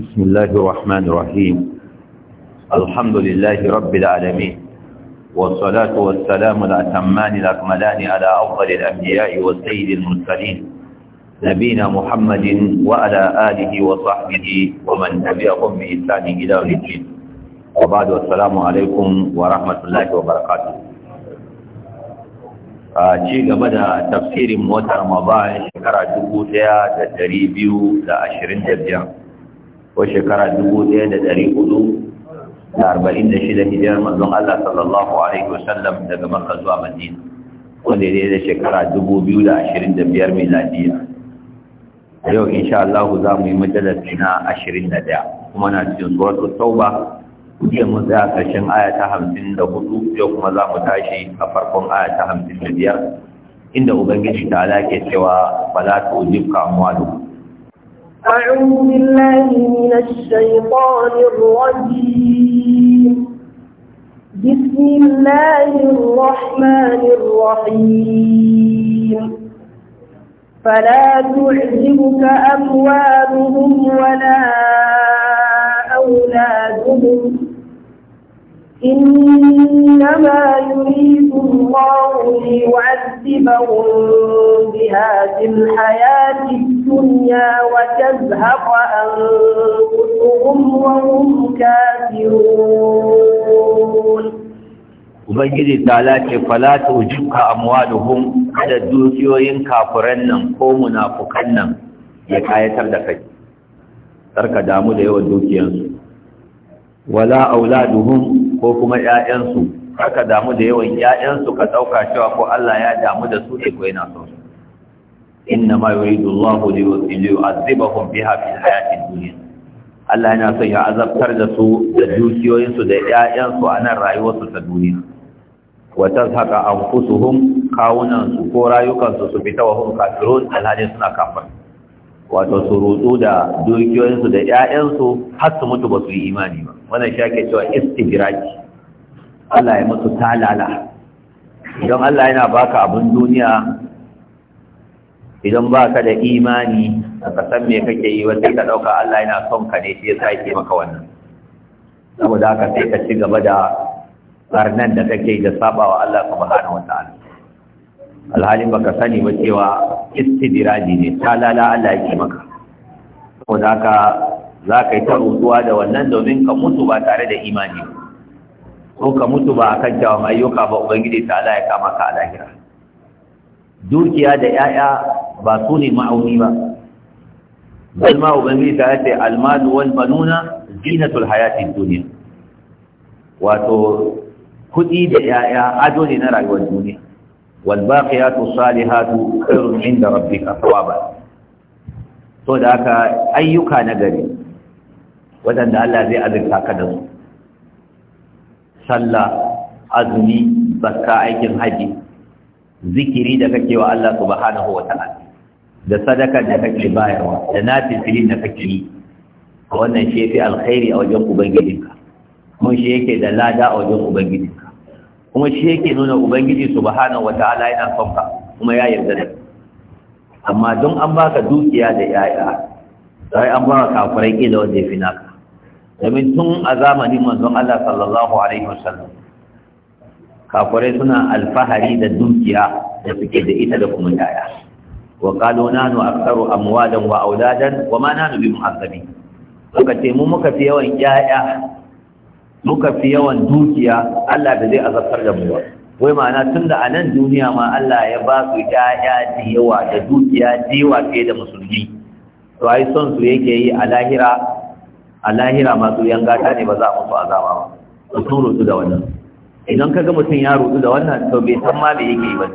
بسم الله الرحمن الرحيم الحمد لله رب العالمين والصلاة والسلام الأتمان الأكملان على أفضل الأنبياء والسيد المرسلين نبينا محمد وعلى آله وصحبه ومن تبعهم بإحسان إلى يوم الدين وبعد والسلام عليكم ورحمة الله وبركاته a ci gaba da tafsirin wata ramadan shekara biyar. ko shekara dubu ɗaya da ɗari hudu da arba'in da shida hijiyar manzon Allah sallallahu alaihi wasallam daga Makka zuwa Madina wanda ya da shekara dubu biyu da ashirin da biyar mai miladiya yau insha Allah za mu yi majalasi na ashirin da ɗaya kuma na cikin suratul tauba jiya mun tsaya ƙarshen aya ta hamsin da hudu yau kuma za mu tashi a farkon aya ta hamsin da biyar inda ubangiji ta ala ke cewa ba za ta ujibka amwalu أعوذ بالله من الشيطان الرجيم بسم الله الرحمن الرحيم فلا تعجبك أموالهم ولا أولادهم إنما يريد الله ليعذبهم بها في الحياة الدنيا وتزهق أنفسهم وهم كافرون Ubangiji ta lace falata ujibka amwaluhum kada dukiyoyin kafuran nan ko munafukan nan ya kayatar da kai sarka damu da yawan dukiyansu wala auladuhum ko kuma 'ya'yansu aka damu da yawan 'ya'yansu ka ɗauka cewa ko Allah ya damu da su ne ko yana son su inna ma yuridu Allahu li yu'adhibahum biha fil hayatid dunya Allah yana son ya azabtar da su da dukiyoyinsu da 'ya'yansu a nan rayuwarsu ta duniya wa tazhaqa anfusuhum kawunan su ko rayukan su su fita wa hum kafirun alhali suna kafara wato su rutsu da dukiyoyinsu da 'ya'yansu har su mutu ba su yi imani ba wannan shi ake cewa istigiraki Allah ya mutu talala idan Allah yana baka abin duniya idan baka da imani ka san me kake yi wata ka ɗauka, Allah yana son ka ne shi maka wannan saboda haka sai ka ci gaba da barnan da kake da wa Allah subhanahu wataala alhalin baka sani ba cewa istidiraji ne lala Allah yake maka ko da ka za ka yi ta rutuwa da wannan domin ka mutu ba tare da imani ko ka mutu ba a kan cewa ayyuka ba ubangiji ta Allah ya kama ka a lahira dukiya da 'ya'ya ba su ne ma'auni ba bal ma ubangiji ta ce almal wal banuna zinatul hayatid dunya wato kuɗi da 'ya'ya ado ne na rayuwar duniya والباقيات الصالحات خير عند ربك ثوابا to da haka ayyuka na gari wadanda Allah zai azurta ka da su sallah azumi zakka aikin haji zikiri da kake wa Allah subhanahu wataala da sadaka da kake bayarwa da nafilin da kake yi wannan shi yafi alkhairi a wajen ubangijinka mun shi yake da lada a wajen ubangijinka kuma shi yake nuna ubangiji subhanahu wataala yana son ka kuma ya yarda da amma don an baka dukiya da yaya sai an baka kafirai kila wanda ya fi naka domin tun a zamanin manzon Allah sallallahu alaihi wasallam kafirai suna alfahari da dukiya da suke da ita da kuma yaya wa qalu nanu aktharu amwalan wa auladan wa ma nanu bi muhassabi suka ce mu muka fi yawan yaya muka fi yawan dukiya Allah da zai azabtar da mu ba wai ma'ana tun da a nan duniya ma Allah ya ba su yaya da yawa da dukiya da yawa fiye da musulmi to ai son su yake yi a lahira a lahira masu yangata ne ba za a musu azaba ba mutum rutu da wannan idan ka ga mutum ya rutu da wannan to bai san ma me yake yi ba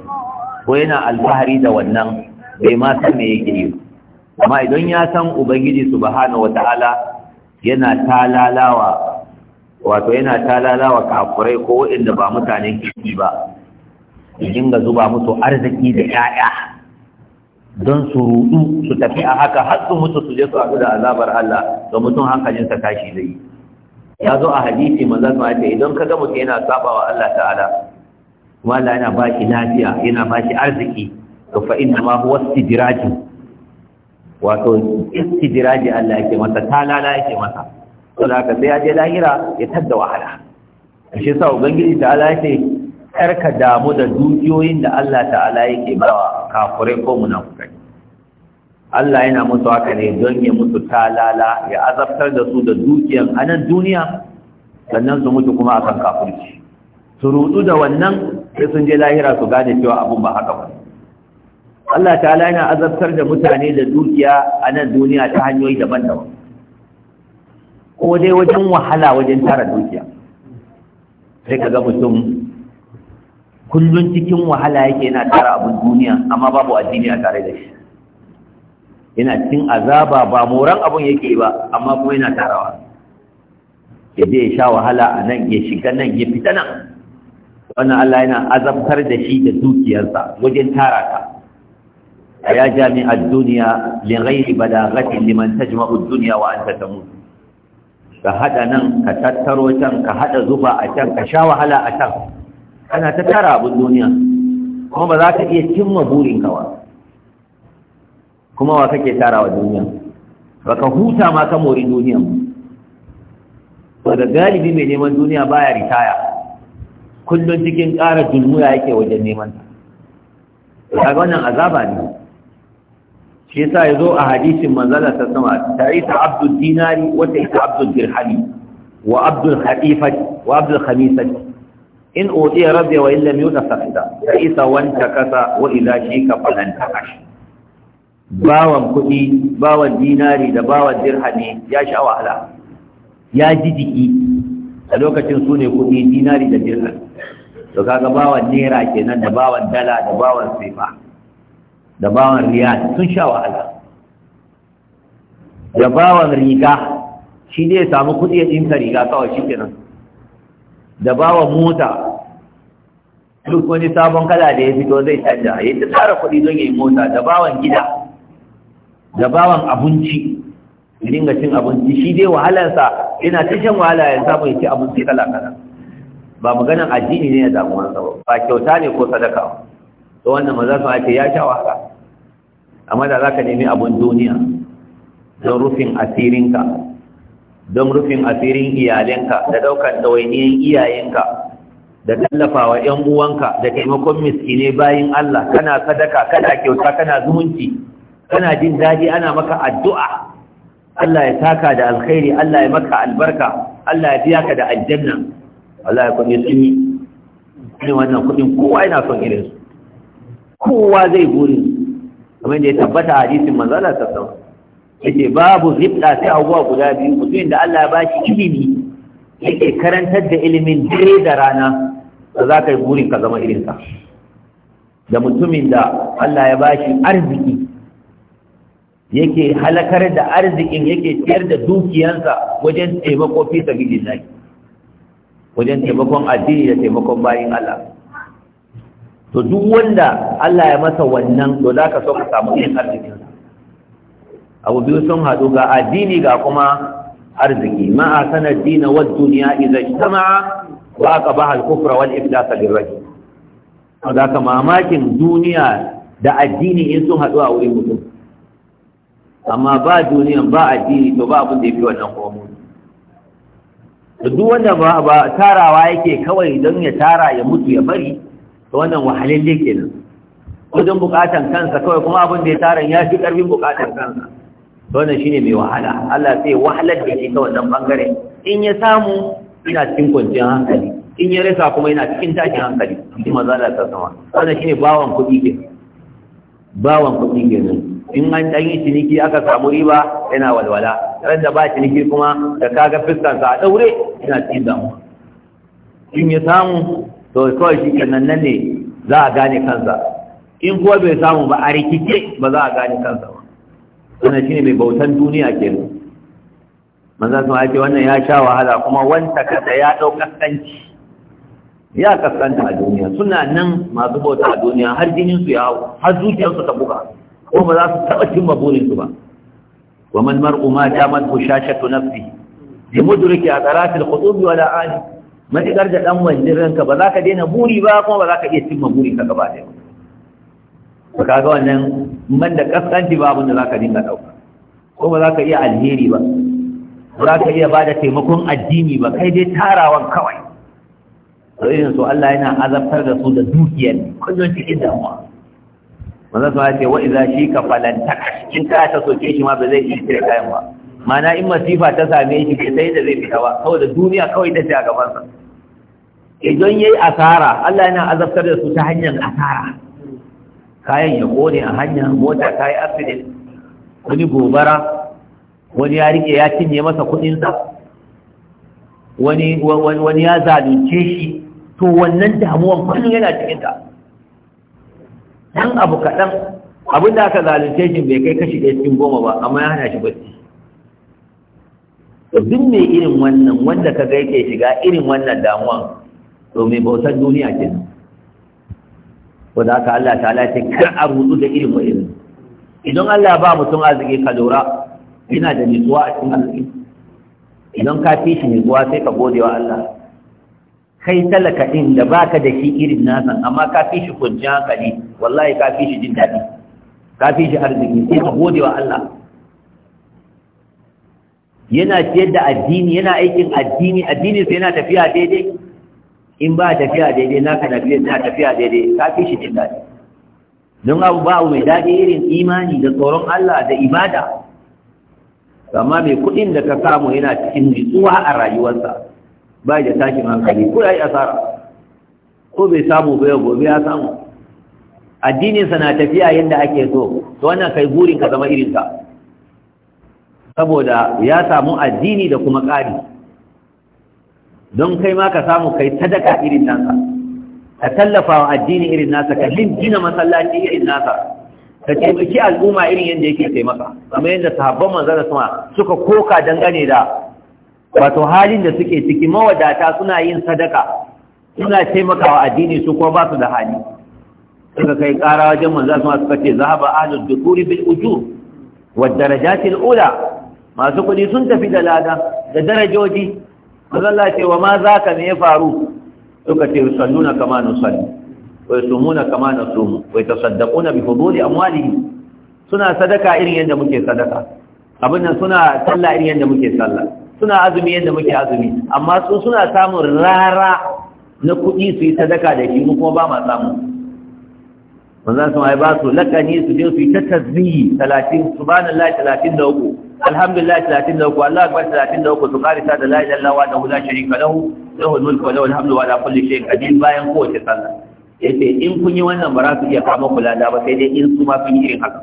ko yana alfahari da wannan bai ma san me yake yi amma idan ya san ubangiji subhanahu wataala yana talalawa wato yana talala wa kafurai ko waɗanda ba mutanen kirki ba su dinga zuba musu arziki da 'ya'ya don su rudu su tafi a haka har su mutu su je su haɗu da azabar Allah ga mutum hankalinsa tashi zai ya zo a hadisi mazan ma ce idan ka ga mutum yana saba wa Allah ta'ala kuma Allah yana bashi lafiya yana bashi arziki to fa inna ma huwa istidraj wato istidraj Allah yake masa talala yake masa ko da ka sai ya je lahira ya tadda wahala shi sa ubangiji ta'ala ce kar ka damu da dukiyoyin da Allah ta'ala yake bawa kafurai ko munafukai Allah yana mutu haka ne don ya ta talala ya azabtar da su da dukiyan a nan duniya sannan su mutu kuma akan kafirci su rudu da wannan sai sun je lahira su gane cewa abun ba haka ba Allah ta'ala yana azabtar da mutane da dukiya a nan duniya ta hanyoyi daban-daban ko dai wajen wahala wajen tara dukiya sai ka ga mutum kullum cikin wahala yake yana tara abin duniya amma babu addini a tare da shi yana cikin azaba ba moran abin yake ba amma kuma yana tarawa ya je ya sha wahala a nan ya shiga nan ya fita nan wannan Allah yana azabtar da shi da dukiyarsa wajen tara ta a ya jami'ar duniya lin ghairi balaghatin liman tajma'u ad-dunya wa anta tamut ka haɗa nan ka tattaro can ka haɗa zuba a can ka sha wahala a can kana ta tara abin duniya kuma ba za ka iya cimma burinka ba kuma wa kake tara wa duniya ba ka huta ma ka mori duniya ba da galibi mai neman duniya baya ritaya kullum cikin ƙara dulmuya yake wajen neman ta kaga wannan azaba ne shi yasa ya zo a hadisin manzala ta sama ta isa abdul dinari wata isa abdul dirhami wa abdul hadifati wa abdul khamisati in utiya rabbi wa illam yutafaqida ta isa wanta kasa wa idza ka falan takash bawan kudi bawan dinari da bawan dirhami ya sha wahala ya ji jiki a lokacin su ne kudi dinari da dirhami to kaga bawan naira kenan da bawan dala da bawan sefa da bawan riya sun sha wahala da bawan riga shi ne ya samu kuɗi ya ɗinka riga kawai shi kenan da bawan mota duk wani sabon kala da ya fito zai canja ya ta tsara kuɗi don ya yi mota da bawan gida da bawan abinci ya dinga cin abinci shi dai wahalarsa yana ta shan wahala ya samu ya ci abinci kala kala ba maganan addini ne ya wani ba ba kyauta ne ko sadaka ba to wannan maza su ake ya sha wahala amma da za ka nemi abin duniya don rufin asirinka don rufin asirin iyalinka da ɗaukar ɗawainiyar iyayenka da tallafawa 'yan uwanka da taimakon miskine bayin Allah kana sadaka kana kyauta kana zumunci kana jin daɗi ana maka addu'a Allah ya taka da alkhairi Allah ya maka albarka Allah ya biya ka da aljanna Allah ya kuɗi sun yi wannan kuɗin kowa yana son irinsu kowa zai guri kamar da ya tabbata hadisin hadisin manzala ta sau yake babu zibda sai abubuwa guda biyu mutumin da Allah ya ba ilimi yake karantar da ilimin dare da rana da za ka yi burin ka zama irinsa da mutumin da Allah ya ba shi arziki yake halakar da arzikin yake ciyar da dukiyansa wajen taimako fi sabilillahi wajen taimakon addini da taimakon bayin Allah to duk wanda Allah ya masa wannan to za ka so ka samu irin arzikin abu biyu sun haɗu ga addini ga kuma arziki ma'a sanar dina wa duniya idan jama wa aka ba al-kufra wal iflasa lirrajul za ka mamakin duniya da addini in sun haɗu a wurin mutum amma ba duniya, ba addini to ba abin da ya fi wannan kuma duk wanda ba tarawa yake kawai don ya tara ya mutu ya bari to wannan ne kenan wajen bukatan kansa kawai kuma abin da ya tara ya fi karfin bukatan kansa to wannan shine mai wahala Allah sai wahalar da shi ta wannan bangare in ya samu ina cikin kwanciyar hankali in ya rasa kuma ina cikin tashin hankali shi maza da ta sama wannan shine bawan kudi ke bawan ke kenan in an dan yi ciniki aka samu riba yana walwala ran da ba ciniki kuma da kaga fiskansa a daure, yana cikin damuwa in ya samu to kawai shi kenan nan ne za a gane kansa in kuwa bai samu ba a rikice ba za a gane kansa ba wannan shine mai bautan duniya ke Man manzan sun haifi wannan ya sha wahala kuma wanta kada ya ɗau kaskanci ya kaskanta a duniya suna nan masu bauta a duniya har jininsu ya hau har zuciyarsu ta buga ko ba za su taɓa cimma burinsu ba wa man mar'u ma damat bushashatu nafsi bi mudriki a tsaratil khutubi wala ali matuƙar da ɗan wanzin ranka ba za ka daina buri ba kuma ba za ka iya cimma buri ka gaba ɗaya ba ka ga wannan man da ƙasƙanci ba abin da za ka dinga ɗauka ko ba za ka iya alheri ba ba za ka iya ba da taimakon addini ba kai dai tarawan kawai to irin su Allah yana azabtar da su da dukiyar kullum cikin damuwa manzon sa ya ce wa idza shika falan takash in ka ta soke shi ma ba zai iya cire kayan ba mana in masifa ta same shi ke sai da zai fita ba saboda duniya kawai ta ce a gabansa idan yayi asara Allah yana azabtar da su ta hanyar asara kayan ya kone a hanyar mota ta yi accident wani gobara wani ya rike ya cinye masa sa wani wani ya zalunce shi to wannan damuwan kullum yana cikin ta dan abu kadan abin da aka zalunce shi bai kai kashi da cikin goma ba amma ya hana shi bacci to duk mai irin wannan wanda ka ga yake shiga irin wannan damuwan to mai bautar duniya ke nan ko da haka Allah ta ce kar a rudu da irin wa'in idan Allah ba mutum arziki ka lura ina da nutsuwa a cikin arziki idan ka fi shi nutsuwa sai ka gode wa Allah kai talaka din da baka da shi irin nasan amma ka fi shi kwanciyar hankali wallahi ka fi shi jin daɗi ka fi shi arziki sai ka gode wa Allah yana ciyar da addini yana aikin addini addini sai yana tafiya daidai in ba tafiya daidai naka tafiya na tafiya daidai ka fi shi jin daɗi don abu ba abu mai daɗi irin imani da tsoron Allah da ibada amma mai kuɗin da ka samu yana cikin nutsuwa a rayuwarsa ba da tashin hankali ko ya yi asara ko bai samu ba yau gobe ya samu addininsa na tafiya yadda ake so to wannan kai burin ka zama irinsa saboda ya samu addini da kuma ƙari don kai ma ka samu kai sadaka irin nasa ka tallafa wa addini irin nasa ka gina masallaci irin nasa ka taimaki al'umma irin yadda yake taimaka kamar yadda sahabban manzara suna suka koka dangane da wato halin da suke ciki mawadata suna yin sadaka suna taimakawa addini su kuma ba su da hali suka kai ƙara wajen manzara suna suka ce zahaba ahlul dukuri bil ujur wa darajatil ula masu kuɗi sun tafi da lada da darajoji mazalla ce wa ma za ka ne ya faru suka ce sannuna kama na sani wai sumuna kama na sumu wai ta saddakuna bi fuduli amwali suna sadaka irin yadda muke sadaka abin nan suna talla irin yadda muke sallah suna azumi yadda muke azumi amma su suna samun rara na kuɗi su yi sadaka da shi mu kuma ba ma samu manzan sun ai ba su lakani su je su yi ta tasbihi 30 subhanallahi 33 alhamdulillahi 33 Allahu akbar 33 su karisa da la ilaha illallah wa la sharika lahu lahul mulku wa lahul hamdu wa la kulli shay'in qadir bayan kowace sallah yace in kun yi wannan ba za su iya kama kula da ba sai dai in su ma sun yi irin haka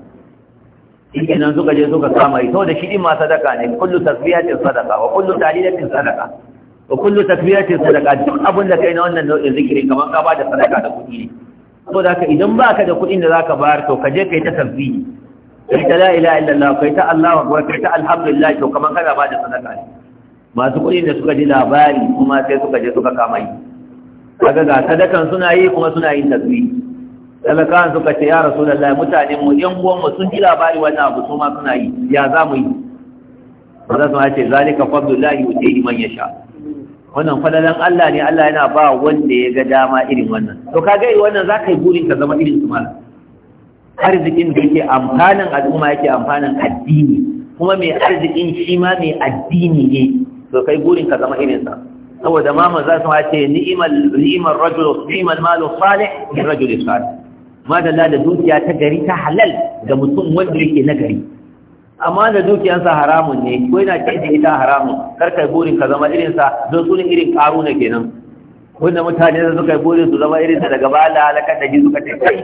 kenan suka je suka kama ita da shi din ma sadaka ne kullu tasbihatin sadaka wa kullu talilatin sadaka wa kullu takbiratin sadaka duk abin da kai na wannan nau'in zikirin kamar ka ba da sadaka da kudi ne saboda ka idan ba ka da kuɗin da za ka bayar to ka je ka yi ta ka kai ta la ilaha ka kai ta allahu akbar kai ta alhamdulillah to kamar kana ba da sadaka ne masu kuɗin da suka ji labari kuma sai suka je suka kama yi kaga ga sadakan suna yi kuma suna yin tasbihi talakawan suka ce ya rasulullahi mutanen mu yan uwan mu sun ji labari wannan abu su ma suna yi ya za mu yi ba za su ma ce zalika fadlullahi yu'tihi man yasha wannan fadalan Allah ne Allah yana ba wanda ya ga dama irin wannan to kaga yi wannan za ka yi burin ka zama irin su malam arzikin da yake amfanin al'umma yake amfanin addini kuma mai arzikin shi ma mai addini ne to kai burin ka zama irin sa saboda ma man za su ma ce ni'imal ni'imal rajul ni'imal malu salih rajul salih ma da dukiya ta gari ta halal ga mutum wanda yake nagari amma da dukiyansa haramun ne ko yana ce da ita haramun kar kai burin ka zama irinsa don su ne irin karu na kenan wanda mutane da suka yi burin su zama irinsa daga ba lalakar da ji suka ce kai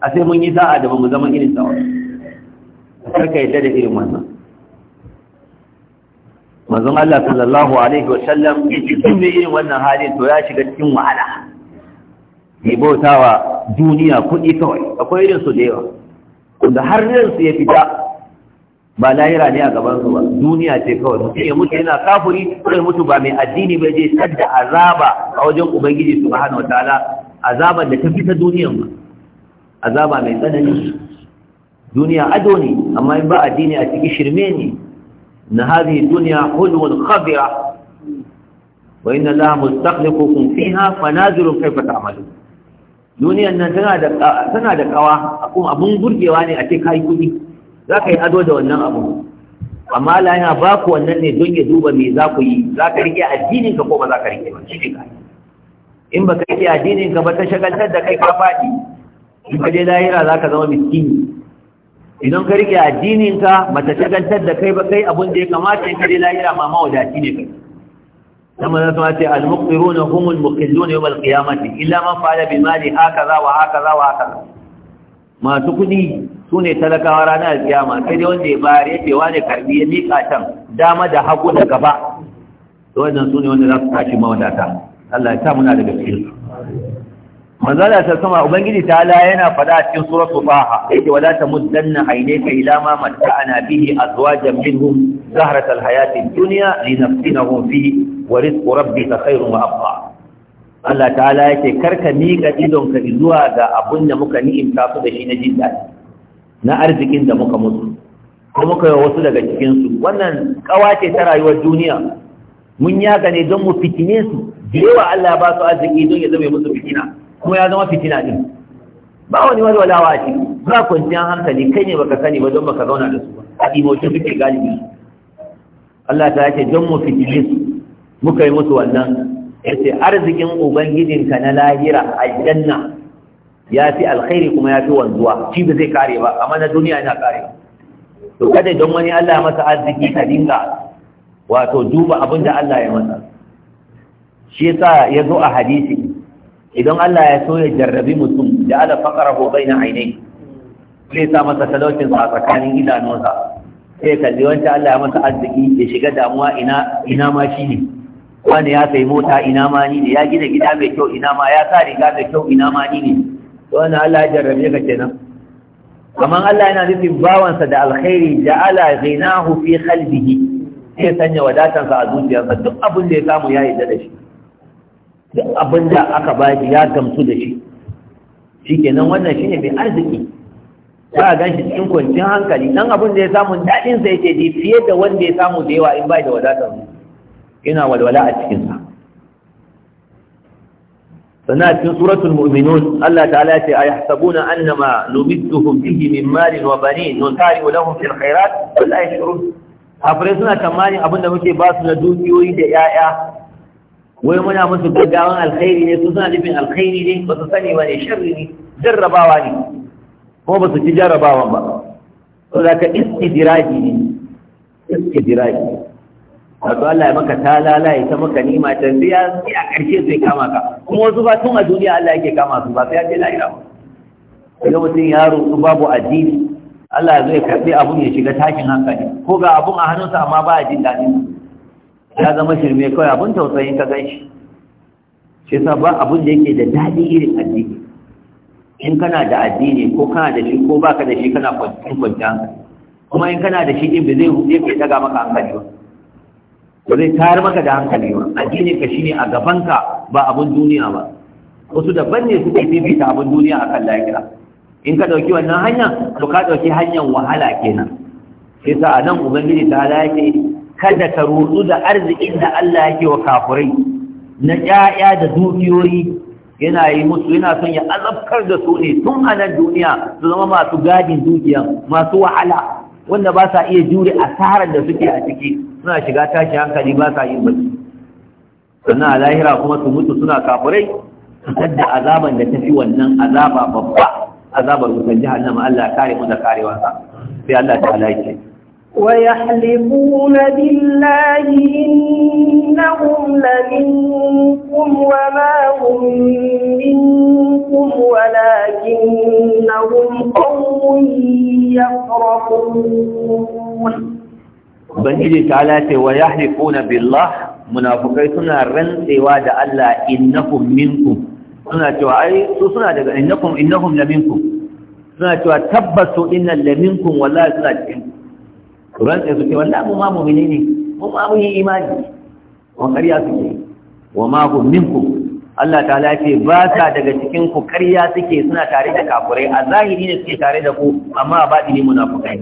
a sai mun yi sa'a da mu zama irinsa wani kar kai da irin wannan manzon Allah sallallahu alaihi wa sallam yace duk mai irin wannan halin to ya shiga cikin wahala mai bautawa duniya kuɗi kawai akwai irin su da yawa wanda har ransu ya fita ba lahira ne a gaban su ba duniya ce kawai mutum ya mutu yana kafuri ko mutu ba mai addini ba je sadda azaba a wajen ubangiji subhanahu wataala azaban da ta fita duniyan ba azaba mai tsanani duniya ado ne amma in ba addini a ciki shirme ne na hadhihi dunya hulwun khabira wa inna allaha mustakhlifukum fiha fanazirun kayfa ta'malu duniyan nan tana da tana da kawa abun burgewa ne a ce kai kudi za ka yi ado da wannan abu amma Allah yana ba ku wannan ne don ya duba me za ku yi za ka rike addinin ka ko ba za ka rike ba shi ka in ba ka rike addinin ka ba ta shagaltar da kai ka faɗi in ka je lahira za ka zama miskini idan ka rike addinin ka ba ta shagaltar da kai ba kai abin da ya kamata in ka je lahira ma wadaci ne kai ce muqillun yawm al qiyamati illa man fa'ala إلا mali hakaza wa hakaza wa hakaza masu kuɗi su ne talakawa ranar alkiyama sai dai wanda ya bayar ya cewa ne karbi ya miƙa can dama da hagu da gaba to wannan su ne wanda za su tashi mawadata Allah ya sa muna daga cikin su manzala ta sama ubangiji ta ala yana fada cikin suratul faha yake wala tamuddanna aynaka ila ma matta'ana bihi azwajan minhum zahratal hayatid dunya linafsinahum fihi wa rizqu rabbika khairun wa abqa Allah ta'ala yake karka miƙa idonka zuwa ga abun da muka ni'imta su da shi na jin daɗi na arzikin da muka mutu ko muka yi wasu daga cikinsu wannan kawa ce ta rayuwar duniya mun ya ne don mu fitine su da Allah ba su arziki don ya zama musu fitina kuma ya zama fitina din ba wani walawa a ciki ba kwanciyar hankali kai ne baka sani ba don baka zauna da su ba a imocin fice galibi Allah ta ce don mu fitine su muka yi musu wannan yace arzikin ubangijinka na lahira aljanna ya fi alkhairi kuma ya fi wanzuwa shi ba zai kare ba amma na duniya yana kare to kada don wani Allah masa arziki ka dinga wato duba abin da Allah ya masa shi yasa ya zo a hadisi idan Allah ya so ya jarrabi mutum da ala faqarahu baina ainihi zai sa masa talaucin a tsakanin idanunsa sai kalli wancan Allah ya masa arziki ya shiga damuwa ina ina ma shi ne wanda ya sai mota ina ma ni ne ya gina gida mai kyau ina ma ya sa riga mai kyau ina ma ni ne to wannan Allah ya jarrabe ka kenan kamar Allah yana nufin bawansa da alkhairi ja'ala ghinahu fi qalbihi sai sanya wadatansa a zuciyarsa duk abin da ya samu ya yarda da shi duk abin da aka ba shi ya gamsu da shi shikenan wannan shine mai arziki za a ganshi cikin kwanciyar hankali dan abin da ya samu daɗinsa yake ji fiye da wanda ya samu da yawa in bai da wadatar ina walwala a cikinsa sannan a cikin suratul mu'minun Allah ta'ala ce a yahsabuna annama numidduhum bihi min malin wa banin nusari'u lahum fil khairat wal la yashurun kafirai suna tamani abinda muke ba su na dukiyoyi da 'ya'ya. wai muna musu gaggawan alkhairi ne su suna nufin alkhairi ne ba su sani ba ne sharri ne jarrabawa ne kuma ba su ci jarrabawan ba da ka istidiraji ne istidiraji wato Allah ya maka ta lalaye ta maka nima ta biya sai a ƙarshe zai kama ka kuma wasu ba tun a duniya Allah yake kama su ba sai ya ce la'ira ba idan mutum ya roƙi babu addini Allah zai karɓi abun ya shiga tashin hankali ko ga abun a hannunsa amma ba a jin daɗin ya zama shirme kawai abun tausayin ka ganshi shi yasa ba abun da yake da daɗi irin addini in kana da addini ko kana da shi ko baka da shi kana kwanciyar kwanciyar kuma in kana da shi ɗin ba zai ruɗe ka daga maka hankali ba ba zai tayar maka da hankali ba addini ka shine a gabanka ba abun duniya ba wasu daban ne suke fifita abun duniya akan lahira in ka dauki wannan hanya to ka dauki hanyar wahala kenan sai sa nan ubangiji ta yake kada ka rutsu da arzikin da Allah yake wa kafurai na ƴaƴa da dukiyoyi yana yi musu yana son ya azabkar da su ne tun a nan duniya su zama masu gadin dukiya masu wahala wanda ba sa iya jure asarar da suke a ciki suna shiga tashi hankali ba sa yin bacci sannan a lahira kuma su mutu suna kafurai su da azaban da tafi wannan azaba babba azabar wutar jahannama Allah kare mu da karewansa sai Allah ta halaye ويحلفون بالله إنهم لمنكم وما هم منكم ولكنهم قوم يفرقون ubangiji ta lace wa na billah munafukai suna rantsewa da Allah innahum minkum suna cewa ai su suna daga innahum innahum la minkum suna cewa tabbasu innal la minkum wallahi suna cikin rantsa su ce wallahi mu ma mu'mini ne mu ma mun yi imani wa ƙarya suke wa ma hum minkum Allah ta'ala ce ba sa daga cikin ku ƙarya suke suna tare da kafurai a zahiri ne suke tare da ku amma ba baɗi ne munafukai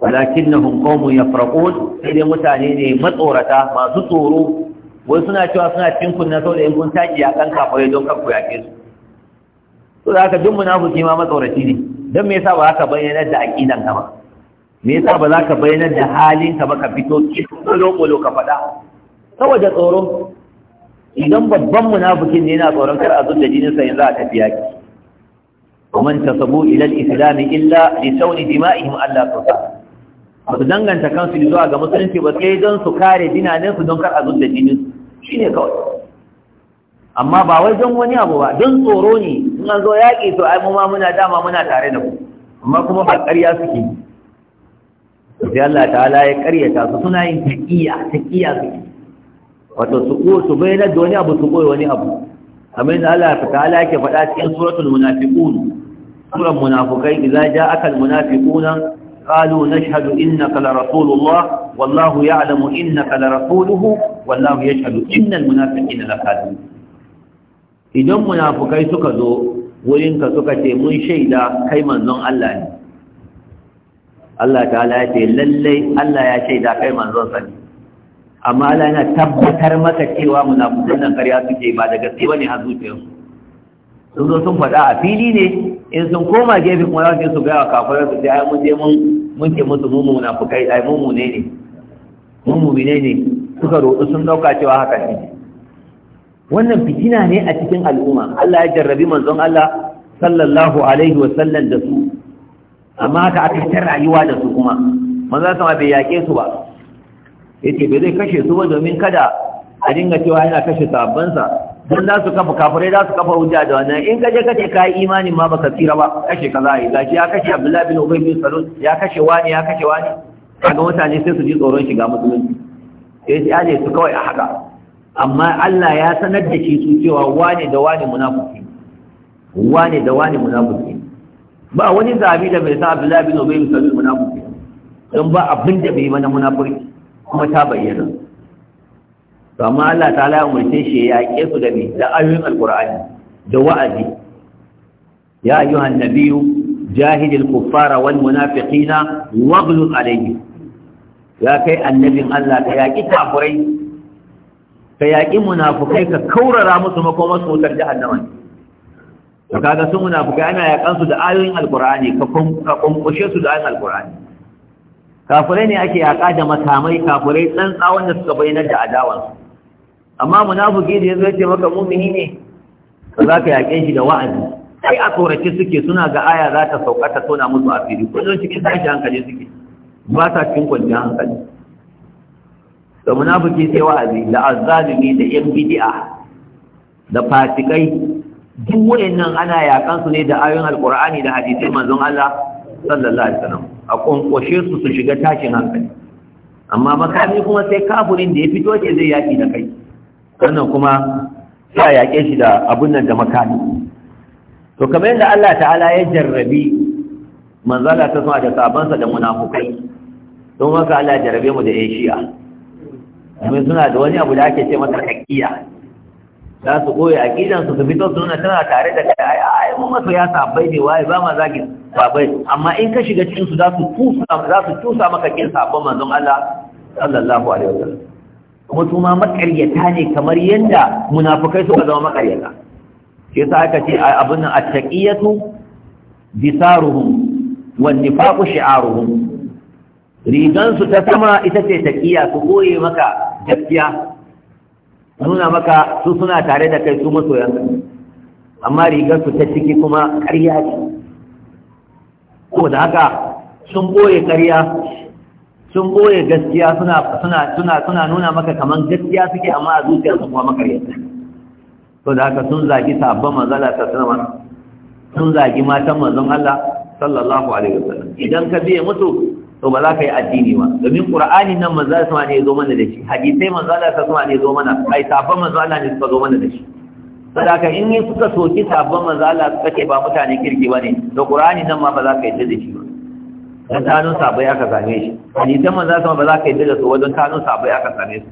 walakinnahum qaumun yafraqun sai dai mutane ne matsorata masu tsoro wai suna cewa suna cikin kunna saboda in kun taki ya kan kafare don kanku ya ke su to da haka duk munafiki ma matsorati ne don me yasa ba za ka bayyana da aqidan ka ba me yasa ba za ka bayyana da halin ka ba ka fito kolo kolo ka faɗa saboda tsoro idan babban munafikin ne yana tsoron kar a zudda jinin sa yanzu a tafiya ki ومن تصبوا إلى الإسلام إلا لسون دمائهم ألا تصاب ba su danganta kansu zuwa ga musulunci ba sai don su kare dinaninsu don kar a zub da jinin shi ne kawai amma ba wai don wani abu ba don tsoro ne in an zo yaƙi to ai mu ma muna dama muna tare da ku amma kuma ba ƙarya suke sai Allah ta'ala ya ƙaryata su suna yin taƙiya taƙiya suke wato su ko su bayyana da wani abu su koyi wani abu amma yadda Allah ta'ala yake faɗa cikin suratul munafiqun suran munafikai idza ja'aka al munafiquna قالوا نشهد إنك لرسول الله والله يعلم إنك لرسوله والله يشهد إن المنافقين لكاذبون idan munafukai suka zo wurinka suka ce mun shaida kai manzon Allah ne Allah ta'ala ya ce lallai Allah ya shaida kai manzon sa ne amma Allah yana tabbatar maka cewa munafukan nan ƙarya suke ba da gaske bane a zuciyarsu sun zo sun faɗa a fili ne in sun koma gefe kuma za su su gaya kafirai su sai mun je mun mun ce musu na fukai ai mumu ne ne mumu ne ne suka roƙi sun dauka cewa haka ne wannan fitina ne a cikin al'umma Allah ya jarrabi manzon Allah sallallahu alaihi wa sallam da su amma haka aka ta rayuwa da su kuma manzon sama bai yake su ba yace bai zai kashe su ba domin kada a dinga cewa yana kashe sabbansa. don za su kafa kafirai za su kafa hujja da wannan in kaje kace ka yi imanin ma baka tsira ba kashe kaza yi gashi ya kashe Abdullahi bin Ubay bin Salul ya kashe wani ya kashe wani kaga mutane sai su ji tsoron shiga musulunci sai su ale su kawai a haka amma Allah ya sanar da shi su cewa wani da wani munafiki wani da wani munafiki ba wani zabi da bai sa Abdullahi bin Ubay bin Salul munafiki don ba abin da bai mana munafiki kuma ta bayyana to amma Allah ta ya umarce shi ya yaƙe su da me da ayoyin Alƙur'ani da wa'azi ya yi ayyuhan nabiyyu jahidil kuffara wal munafiqina waghluz alayhim ya kai annabin Allah ka yaƙi kafurai ka yaƙi munafukai ka kaurara musu makomar wutar jahannama to kaga sun munafukai ana yaƙan su da ayoyin Alƙur'ani ka kunkushe su da ayoyin Alƙur'ani. kafurai ne ake yaƙa da makamai kafurai tsantsa wanda suka bayyana da adawansu amma munafiki da yanzu yace maka mu'mini ne ba za ka yaƙe shi da wa'azi sai a tsorace suke suna ga aya za ta sauka ta tona musu a fili don cikin tashi hankali suke ba ta cikin kwanciyar hankali da munafiki sai wa'azi da azzalimi da yan bid'a da fasikai duk wayannan ana yakan su ne da ayoyin alqur'ani da hadisi manzon Allah sallallahu alaihi wasallam a kwankwashe su su shiga tashin hankali amma makami kuma sai kafirin da ya fito ce zai yaki da kai wannan kuma ya yaƙe shi da abun nan da makami to kamar yadda Allah ta'ala ya jarrabi manzala ta sama da sabansa da munafukai don haka Allah ya jarrabe mu da yan shi'a domin suna da wani abu da ake ce masa hakiya za su koyi aqidan su su fito su nuna tana tare da kai ai mu masa ya sabai ne wai ba ma zaki sabai amma in ka shiga cikin su za su tusa za su tusa maka kin sabon manzon Allah sallallahu alaihi wasallam kuma su ma makaryata ne kamar yadda munafukai suka zama makaryata shi yasa aka ce abin nan attaqiyatu bisaruhum wan nifaqu shi'aruhum rigan Rigansu ta sama ita ce ƙiya su koye maka gaskiya nuna maka su suna tare da kai su masoyan amma rigansu ta ciki kuma ƙarya ce ko da haka sun ɓoye ƙarya sun goye gaskiya suna nuna maka kamar gaskiya suke amma a zuciya sun kuma yadda to da haka sun zagi sabban manzala ta sama sun zagi matan manzon Allah sallallahu alaihi wasallam idan ka biye musu to ba za ka yi addini ba domin qur'ani nan manzo Allah ne ya zo mana da shi hadisi manzo Allah sama ne zo mana ai sabban manzo Allah ne suka zo mana da shi sadaka in ne suka soki sabon manzo Allah suka ce ba mutane kirki bane da Qur'ani nan ma ba za ka yi da shi ba don tanun sabai aka same shi hadisan manzo sama ba za ka yi da su wajen tanun sabai aka same su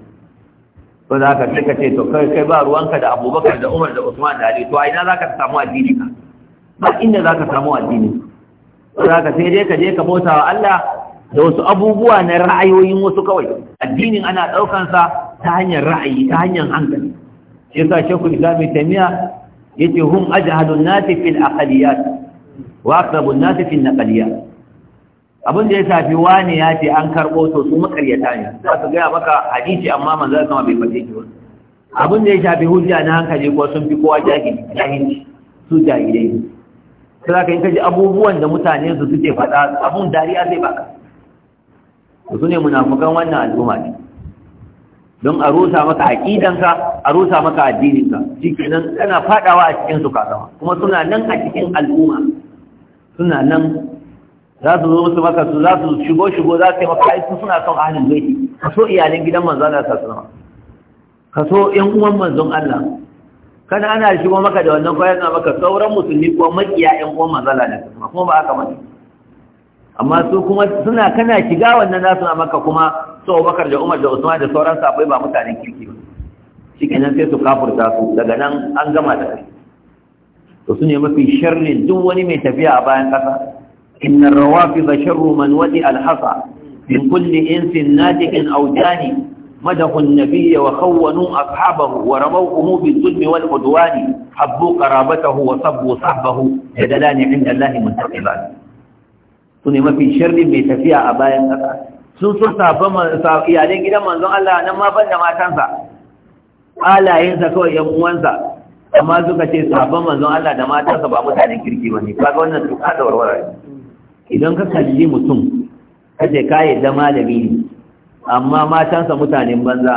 ko za ka cika ce to kai kai ba ruwanka da abubakar da umar da usman da ali to a ina za ka samu addini ka ba inda za ka samu addini ko za ka sai dai ka je ka bauta wa Allah da wasu abubuwa na ra'ayoyin wasu kawai addinin ana ɗaukansa ta hanyar ra'ayi ta hanyar hankali shi yasa shekul islami tamiya yace hum ajhadun nasi fil aqliyat wa aqrabun nasi fil naqliyat abin da ya shafi wani ya ce an karɓo to su makaryata ne za su gaya maka hadisi amma manzan sama bai faɗe ki ba abin da ya shafi hujja na hankali ko sun fi kowa jahilci su jahilai sai za ka yi kaji abubuwan da mutane su suke faɗa abun dariya zai baka su ne munafukan wannan al'umma ne don a rusa maka aƙidanka a rusa maka addininka shi kenan kana faɗawa a cikin su kasama kuma suna nan a cikin al'umma suna nan za su zo musu maka su za su shigo shigo za su yi maka aiki suna son ahalin baiti ka so iyalin gidan manzo Allah sallallahu ka so yan uwan manzon Allah Kana ana shigo maka da wannan koyar na maka sauran musulmi ko makiya yan uwan manzo Allah ne kuma ba haka bane amma su kuma suna kana shiga wannan za su na maka kuma su Abubakar da Umar da Usman da sauran akwai ba mutanen kirki ba shikenan sai su kafurta su daga nan an gama da kai to su ne mafi sharri duk wani mai tafiya a bayan kasa إن الروافض شر من ودئ الحصى من كل إنس ناتق أو جاني مدحوا النبي وخونوا أصحابه ورموهم بالظلم والعدوان حبوا قرابته وصبوا صحبه جدلان عند الله منتقبان سنة في شر بيتفيع أبايا sun sun safa iyalin gidan manzon Allah nan ma ban da matansa alayensa kawai yan uwansa amma suka ce safa manzon Allah da matansa ba mutanen kirki ba ne kaga wannan su kada warware idan ka kalli mutum kace ka da malami ne amma matansa mutanen banza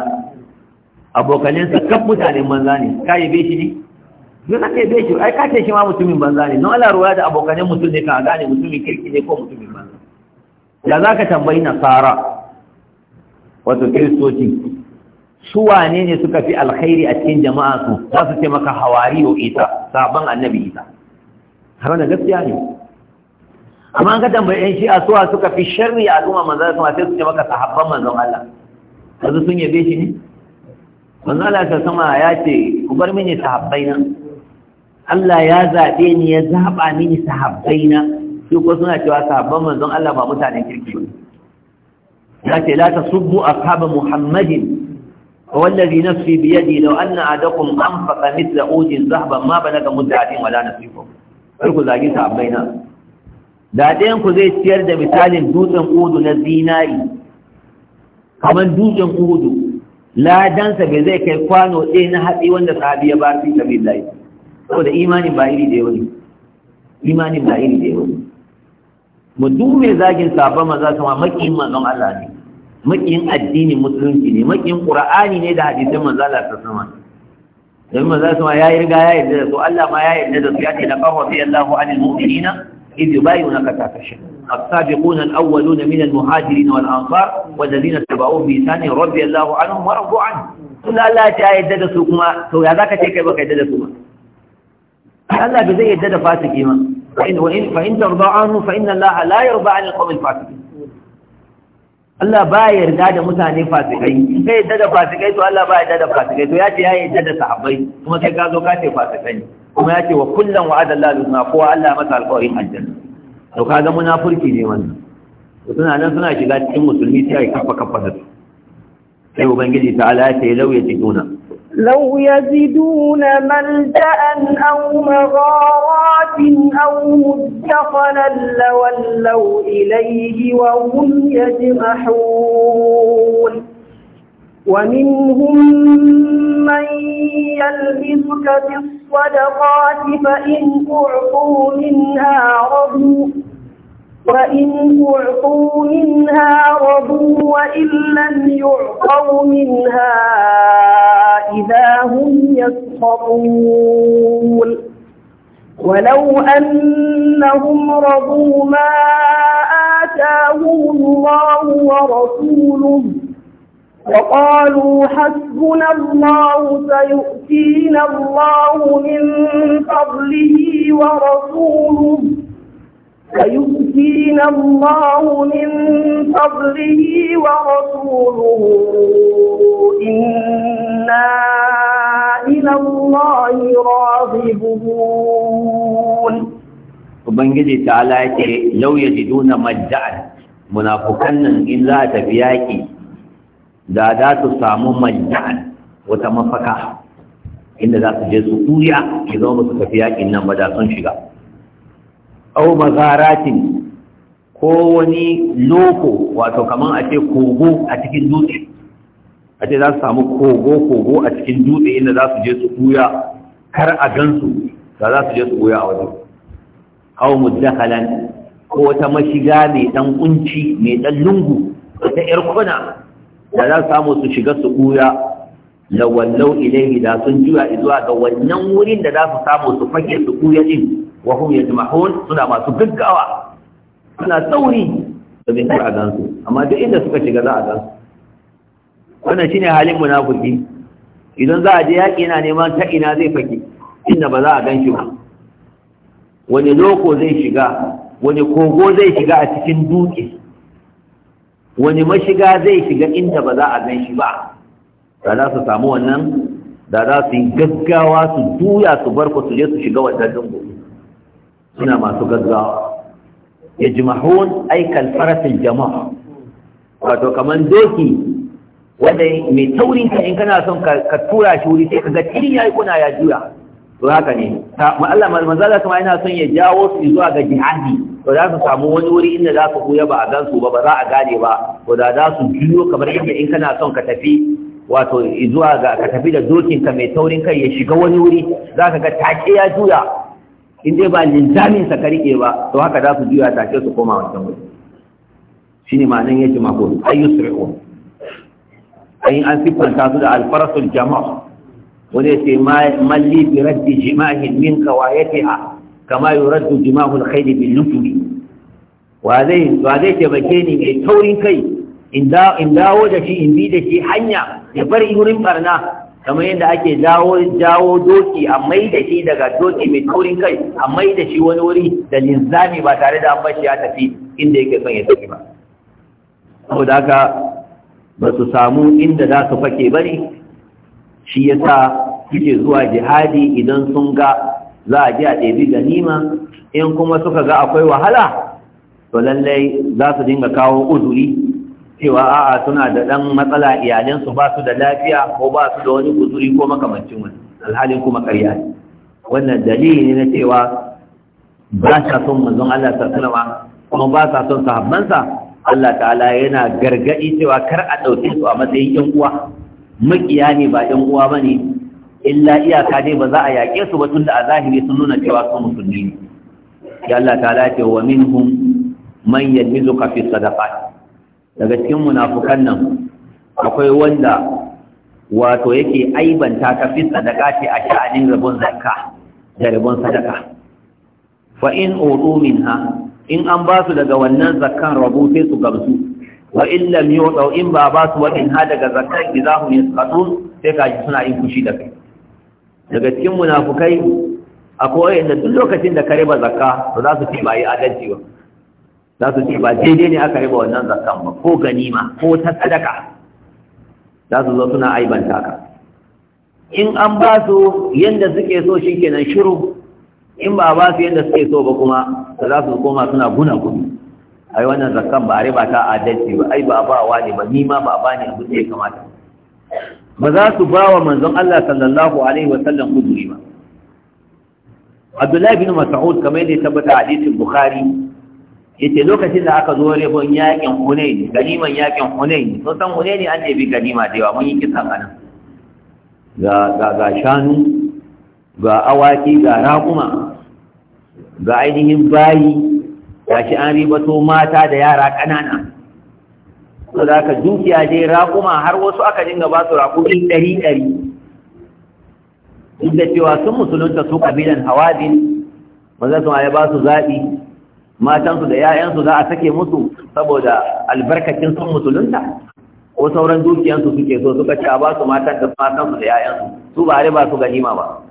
abokaninsa kan mutanen banza ne ka yi shi ne yana kai bai shi ai kace shi ma mutumin banza ne nan Allah ruwa da abokanin mutum ne ka gane mutumin kirki ne ko mutumin banza da za ka tambayi nasara wato kiristoci su wane ne suka fi alkhairi a cikin jama'a su za su ce maka hawari wa isa sabon annabi isa har da gaskiya ne amma an ka tambayi yan shi'a suwa suka fi sharri a al'umma manzon Allah sai su ce maka sahabban manzon Allah yanzu sun yabe shi ne manzon Allah ta sama ya ce ku bar mini sahabbai na Allah ya zaɓe ni ya zaɓa mini sahabbai na su ko suna cewa sahabban manzon Allah ba mutanen kirki ba ya ce la tasubbu ashab muhammadin والذي نفسي بيدي لو أن أحدكم أنفق مثل أوج ذهبا ما بلغ مدة ولا نصيفه. أقول لك صاحبينا da ɗayan ku zai ciyar da misalin dutsen udu na zinari kamar dutsen udu ladansa bai zai kai kwano ɗaya na hatsi wanda sahabi ya ba fi sabi lai saboda imanin ba iri da yawa ne imanin ba iri da yawa ne mu duk mai zagin sabon maza sama makiyin manzon Allah ne makiyin addinin musulunci ne makiyin qur'ani ne da hadisin manzon Allah ta sama don ta ma ya yi riga ya yarda da su Allah ma ya yarda da su ya ce laqad Allahu anil mu'minina إذ يبايعونك تحت الشجرة السابقون الأولون من المهاجرين والأنصار والذين تبعوهم بإحسان رضي الله عنهم ورضوا عنه قل الله تا يدد سوكما تو يا ذاك تي كيف يدد سوكما الله بزي يدد فاسقين وإن وإن فإن ترضى عنه فإن الله لا يرضى عن القوم الفاسقين Allah ba ya yarda da mutane fasikai in kai yarda da fasikai to Allah ba ya yarda da fasikai to ya ce ya yarda da sahabbai kuma kai ka zo ka ce fasikai kuma yake wa kullum wa adalla lusna kowa Allah masa alƙawarin aljanna to kaga munafurci ne wannan to suna nan suna shiga cikin musulmi sai ai kafa kafa da su sai ubangiji ta ala ya ce lau ya jiduna lau ya jiduna malja'an aw magharatin aw mudkhalan lawallaw ilayhi wa hum yajmahun ومنهم من يلبسك في الصدقات فإن أعطوا منها رضوا وإن أعطوا منها رضوا وإن لم يعطوا منها إذا هم يسخطون ولو أنهم رضوا ما آتاهم الله ورسوله وقالوا حسبنا الله سيؤتينا الله من فضله ورسوله سيؤتينا الله من فضله ورسوله إنا إلى الله راغبون Ubangiji ta ala yake lau ya ji duna majja'ar munafukan nan in za a tafi yaƙi da za su samu majdan wata mafaka inda za su je su ɓuya ke zama musu tafi yaƙin nan ba da sun shiga au mazaratin ko wani loko wato kamar a ce kogo a cikin dutse a ce za su samu kogo-kogo a cikin dutse inda za su je su ɓuya kar a gansu da za su je su ɓuya a wajen au muddakalan ko wata mashiga mai ɗan kunci mai ɗan lungu wata 'yar kuna da za samu su shiga su ɓuya da wallau ilaihi da sun juya zuwa ga wannan wurin da za su samu su fage su ɓuya din wa hum yajma'un suna masu gaggawa suna sauri da bai gan su amma duk inda suka shiga za a gansu wannan shine halin munafiki idan za a je yaƙi na neman ta ina zai fage inda ba za a gan shi ba wani loko zai shiga wani kogo zai shiga a cikin dutse wani mashiga zai shiga inda ba za a gan shi ba da za su samu wannan da za su yi gaggawa su duya su bar su je su shiga wannan dungu suna masu gaggawa ya jimahun aikal farafin jama'a wato kamar doki wanda mai taurin ka in kana son ka tura shi wuri sai ka ga tirin yi kuna ya juya to haka ne Allah manzala kuma yana son ya jawo su zuwa ga jihadi ba za su samu wani wuri inda za su huya ba a gansu ba ba za a gane ba ko da za su juyo kamar yadda in kana son ka tafi wato zuwa ga ka tafi da ka mai taurin kai ya shiga wani wuri za ka ga take ya juya in dai ba linzamin sa ka rike ba to haka za su juya take su koma wancan wuri shine ma'anan yake mako ayyusri'un ayin an siffanta su da alfarasul jama'a wani ya ce malli bi raddi jimahin min kawayatiha kama yuraddu dimahul khayri bil lutfi wa zai wa zai taimake ni mai taurin kai in dawo da shi in bi da shi hanya ya bar wurin barna kamar yadda ake dawo doki a mai da shi daga doki mai taurin kai a mai da shi wani wuri da linzami ba tare da an ya tafi inda yake son ya tafi ba saboda haka ba su samu inda za su fake ba ne shi yasa suke zuwa jihadi idan sun ga za a je a ɗebi ganima in kuma suka ga akwai wahala to lallai za su dinga kawo uzuri cewa a'a suna da ɗan matsala iyalinsu ba su da lafiya ko ba su da wani uzuri ko makamancin wani alhalin kuma karya ne wannan dalili ne na cewa ba sa son manzon Allah ta sunama kuma ba sa son sahabbansa Allah ta'ala yana gargaɗi cewa kar a ɗauke su a matsayin ƴan uwa makiya ne ba ƴan uwa bane illa iyaka dai ba za a yaƙe su ba tun da a zahiri sun nuna cewa su musulmi ne ya Allah ta lafiya wa minhum man su fi sadaqat daga cikin munafukan nan akwai wanda wato yake aibanta ka fi ce a sha'anin rabon zakka da rabon sadaka fa in utu minha in an ba su daga wannan zakkan rabu sai su gamsu wa in lam yu'tu in ba ba su wa in ha daga zakkan idahu yasqatun sai kaji suna yin fushi da kai daga cikin munafukai akwai inda duk lokacin da ka riba zakka to za su ce ba yi adalci ba za su ce ba daidai ne aka riba wannan zakkan ba ko ganima ko ta sadaka za su zo suna aibanta ka in an ba su yadda suke so shi kenan shiru in ba ba su yadda suke so ba kuma za su koma suna guna gudu ai wannan zakkan ba a riba ta adalci ba ai ba ba wa ne ba ni ma ba ba ne abin da ya kamata ba za su ba wa manzon Allah sallallahu alaihi wa sallam ba Abdullahi bin Mas'ud kamar yadda ya tabbata hadisin Bukhari yace lokacin da aka zo rebon yakin Hunayn galiman yakin Hunayn so san Hunayn an ne bi galima da yawa mun yi kisan anan ga ga ga shanu ga awaki ga raƙuma ga ainihin bayi gashi an ribato mata da yara ƙanana to za ka dukiya dai raƙuma har wasu aka dinga ba su raƙumi ɗari ɗari duk da cewa sun musulunta su ƙabilan hawazin maza su ya ba su zaɓi matansu da 'ya'yansu za a sake musu saboda albarkacin sun musulunta ko sauran dukiyansu suke so suka ci a ba su matan da matansu da 'ya'yansu su ba ba su ganima ba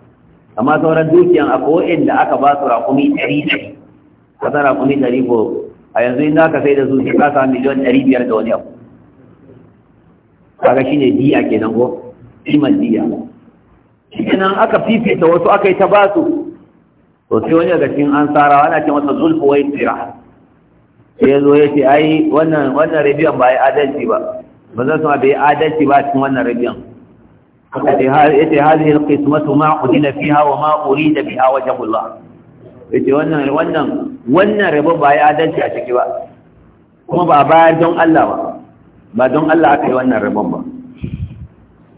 amma sauran dukiyan a ko'in da aka ba su raƙumi ɗari ɗari kasa raƙumi ɗari ko a yanzu in ka sai da su sai ka miliyon 500 da wani abu kaga shine diya kenan ko iman diya nan aka fifita wasu aka yi ta su to sai wani daga cikin ansarawa ana ake masa zulfu wai tsira sai zo ya ce ai wannan wannan rabiyan ba ya adalci ba ba zan sama bai adalci ba cikin wannan rabiyan ya ce ya ce hadhihi alqismatu ma fiha wa ma urida biha wajhullah yace wannan wannan wannan rabo ba ya adalci a ciki ba kuma ba bayar don Allah ba ba don Allah aka yi wannan rabon ba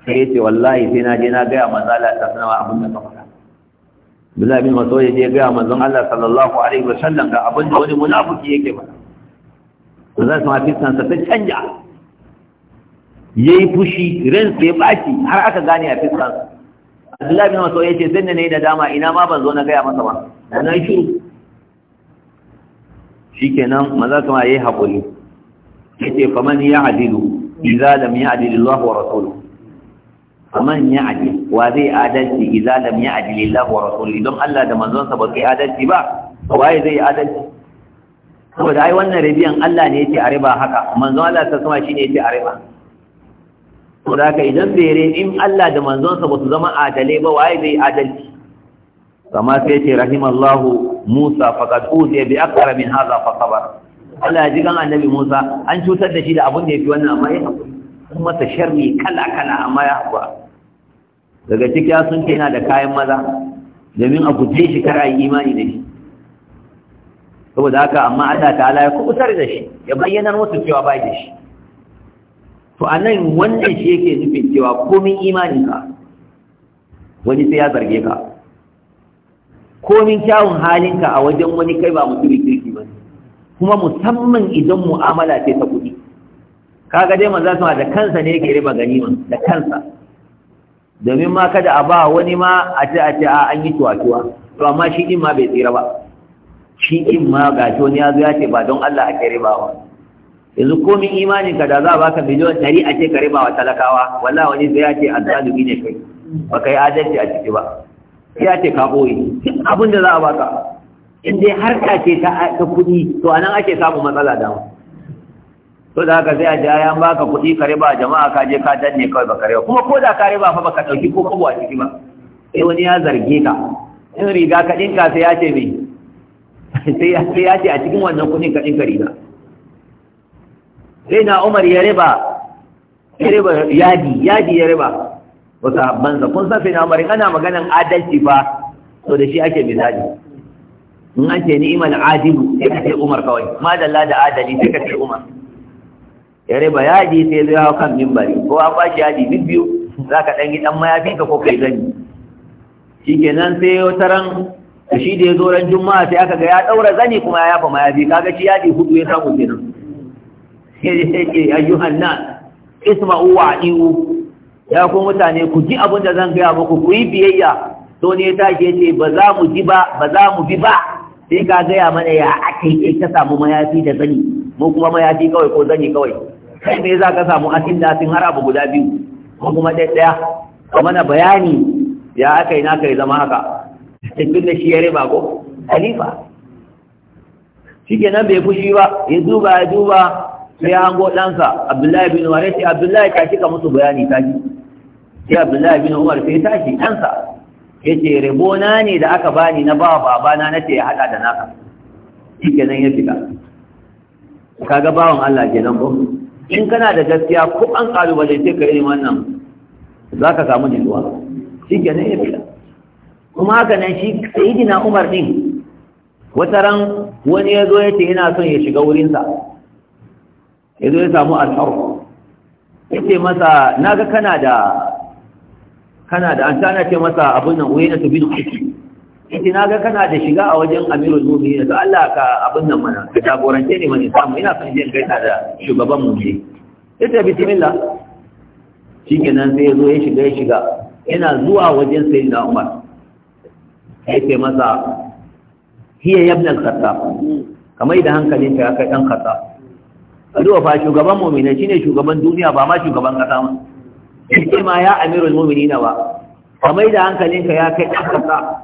sai yace wallahi sai na je na ga manzo Allah ta sanar abin da ka faɗa Bila bin Mas'ud ya je ga manzon Allah sallallahu alaihi wasallam ga abin da wani munafiki yake ba to za su ma fiskan sa ta canja yayi fushi ransa ya baci har aka gane a fiskan sa abdullahi bin maso ya ce sai da na yi ina ma ban zo na gaya masa ba da na shi shi kenan maza kama ya yi haƙuri ya ce faman ya adilu iza lam ya adilu Allah wa rasulu faman ya adilu wa zai adalci iza lam ya adilu Allah wa rasulu idan Allah da manzonsa ba kai adalci ba wa zai adalci saboda ai wannan rabiyan Allah ne ya ce a riba haka manzon Allah ta sama shi ne ya ce a riba to da ka idan bere in Allah da manzonsa ba su zama adale ba waye zai adalci kama sai ce rahimallahu Musa faqad uziya bi akthar min hadha fa sabar Allah ji kan annabi Musa an cutar da shi da abun da yafi wannan amma ya kuma ta sharri kala kala amma ya haƙura daga ciki sun ce yana da kayan maza domin a guje shi kar a yi imani da shi saboda haka amma Allah ta'ala ya kubutar da shi ya bayyana musu cewa bai da shi to a nan wannan shi yake nufin cewa komin imaninka wani sai ya zarge ka komin kyawun halinka a wajen wani kai ba mutum kirki ba kuma musamman idan mu'amala ce ta kuɗi kaga dai manzo sama da kansa ne yake riba da kansa domin ma kada a ba wani ma a ce a ce a an yi tuwa-tuwa to amma shi din ma bai tsira ba shi din ma ga wani ya zo ya ce ba don Allah ake riba ba yanzu komin imanin ka da za a baka miliyan ɗari a ce ka riba wa talakawa wallahi wani zai ya ce azzalumi ne kai ba kai adalci a ciki ba ya ce ka ɓoye abin da za a baka in dai ka ce ta kuɗi to a nan ake samun matsala dama to da haka sai a jaya an baka kuɗi ka riba jama'a ka je ka danne kawai baka riba kuma ko da ka riba fa baka ɗauki ko kobo a ciki ba sai wani ya zarge ka in riga ka ɗinka sai ya ce me sai ya ce a cikin wannan kuɗin ka ɗinka riga sai na umar ya riba yadi yadi ya riba wasu banza kun san sai na umar ana maganan adalci ba to da shi ake misali in ake ni ni'imal adilu sai ka ce umar kawai madalla da adali sai ka ce umar ya riba yadi sai zai hau kan mimbari ko an ba shi yadi duk biyu za ka ɗan yi ɗan mayafi ka ko kai zani shi kenan sai wata ran shi da ya zo ran juma'a sai aka ga ya ɗaura zani kuma ya yafa mayafi kaga shi yadi hudu ya samu kenan yake ayyuhan nas isma'u wa adiu ya ku mutane ku ji abin da zan gaya muku ku yi biyayya to ne ta ke ce ba za mu ji ba ba za mu bi ba sai ka gaya mana ya ake yi ka samu mayafi da zani mu kuma mayafi kawai ko zani kawai kai me za ka samu asin da asin har abu guda biyu ko kuma ɗaya ka mana bayani ya aka yi naka ya zama haka tafin da shi ya riba ko khalifa shi kenan bai fushi ba ya duba ya duba sai an go ɗansa abdullahi bin umar sai abdullahi ta kika musu bayani ta ji sai abdullahi bin umar sai ta shi ɗansa ya ce rabona ne da aka bani na ba babana na ce ya haɗa da naka shi kenan ya fita kaga bawan Allah kenan ko in kana da gaskiya ko an kalubalance ka irin wannan za ka samu jituwa shi kenan ya fita kuma haka nan shi sayidina umar din wata ran wani ya zo ya ce yana son ya shiga wurinsa ya zo ya samu al'aur ya ce masa na ga kana da kana da an tana ce masa abin nan uwe na su bin kuki ya ce na ga kana da shiga a wajen amirul mumi ya zo allah ka abin nan mana ka jagorance ne mani samu ina son jin gaita da shugaban mumi ya ce bismillah shi kenan sai ya zo ya shiga ya shiga yana zuwa wajen sai na umar ya ce masa hiya yabnan kasa kamar idan hankalinka ya kai ɗan kasa aduwa fa shugaban shi shine shugaban duniya ba ma shugaban kasa ma shi ma ya amirul mu'minina ba ka mai da hankalinka ya kai ɗan kasa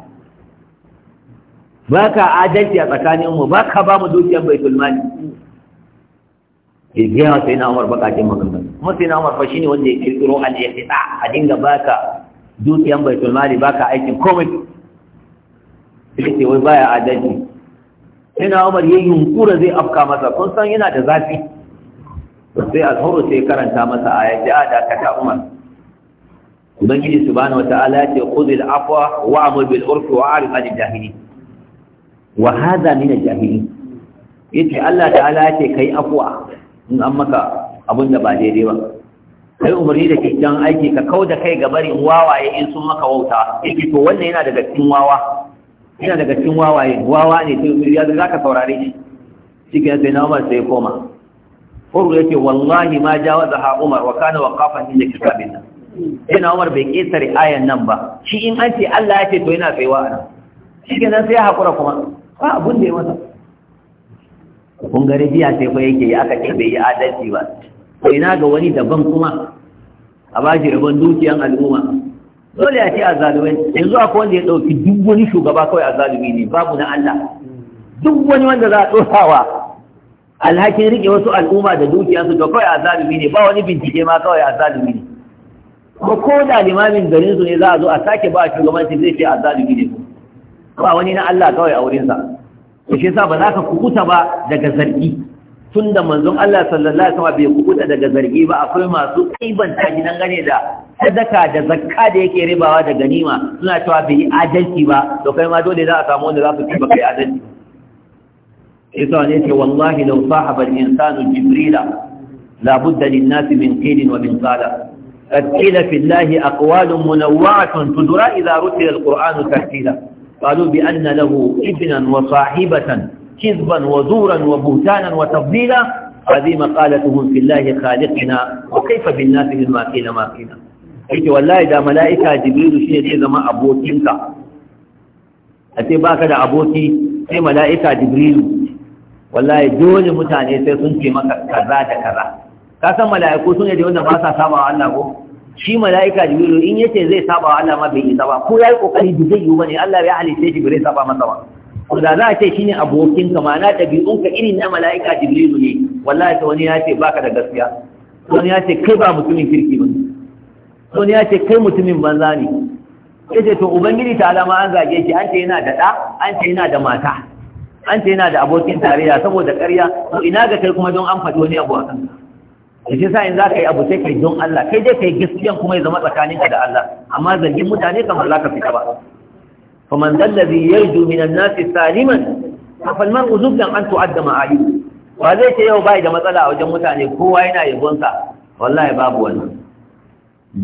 ba ka adalci a mu ba ka ba mu dukiyar baitul mali kirgiya sai na umar bakakin maganar kuma sai na umar fa shine wanda ya kirkiro al-ihtida a dinga baka dukiyan baitul mali baka aikin komai sai wai baya adalci sai na umar yayin yunƙura zai afka masa kun san yana da zafi sai alhuru sai karanta masa a yaji a dakata umar ubangiji wata ala ce khudh al wa amur bil urfi ari 'anil jahili wa haza mina jahili ya ce Allah ta'ala ce kai afuwa in an maka abin da ba daidai ba kai umarni da kyakkyawan aiki ka kau da kai ga barin wawaye in sun maka wauta yake to wannan yana daga cikin wawa yana daga cikin wawaye wawa ne sai ya zaka saurare shi shi ke sai na Umar sai koma Urwa yake wallahi ma jawazaha Umar wa kana waqafan inda kitabina. Yana Umar bai ƙetare ayan nan ba. Shi in an ce Allah ya ce to yana tsayuwa a nan. Shi nan sai ya haƙura kuma. Ba abun da ya masa. Kun gari biya sai fa yake yi aka ce bai yi adalci ba. Ko ina ga wani daban kuma a ba shi rabon dukiyan al'umma. Dole a ce a zalumai yanzu akwai wanda ya ɗauki duk wani shugaba kawai a zalumi ne babu na Allah. Duk wani wanda za a ɗorawa alhakin rike wasu al'umma da dukiyansu to kawai azalumi ne ba wani bincike ma kawai azalumi ne ko ko da limamin garin su ne za a zo a sake ba shugabanci zai ce azalumi ne ba wani na Allah kawai a wurinsa to shi yasa ba za ka kukuta ba daga zargi tunda manzon Allah sallallahu alaihi wasallam bai kukuta daga zargi ba akwai masu kaibanta gidan gane da sadaka da zakka da yake ribawa da ganima suna cewa bai adalci ba to kai ma dole za a samu wanda za su ci ba kai adalci ba إذا إيه؟ والله لو صاحب الإنسان جبريل لابد للناس من قيل ومن قال قيل في الله أقوال منوعة تدرى إذا رتل القرآن تحتيلا قالوا بأن له ابنا وصاحبة كذبا وزورا وبهتانا وتفضيلا هذه مقالتهم في الله خالقنا وكيف بالناس في الماكين ماكينا قلت والله إذا ملائكة جبريل الشيخ إذا ما أبوتي أنت أتباك لأبوتي في ملائكة جبريل الشيخ wallahi dole mutane sai sun ce maka kaza da kaza ka san mala'iku sun yadda wanda ba sa saba Allah ko shi mala'ika jibrilu in yace zai saba Allah ma bai saba ko yayi kokari da zai yi bane Allah ya halice shi bai saba masa ba ko da za a ce shine abokin ka ma'ana ka irin na mala'ika jibrilu ne wallahi to wani ya ce baka da gaskiya wani ya ce kai ba mutumin kirki ba wani ya ce kai mutumin banza ne yace to ubangiji ta alama an zage shi an ce yana da da an ce yana da mata an ce yana da abokin tarayya saboda ƙarya to ina ga kai kuma don an faɗi wani abu a shi sa in za ka yi abu sai kai don Allah kai dai kai gaskiyan kuma ya zama tsakaninka da Allah amma zargin mutane kamar za ka fita ba faman dallazi yarju minan nasi saliman fal mar'u zubdan an tu'adda ma'ayib ba zai ce yau bai da matsala a wajen mutane kowa yana yabonsa wallahi babu wannan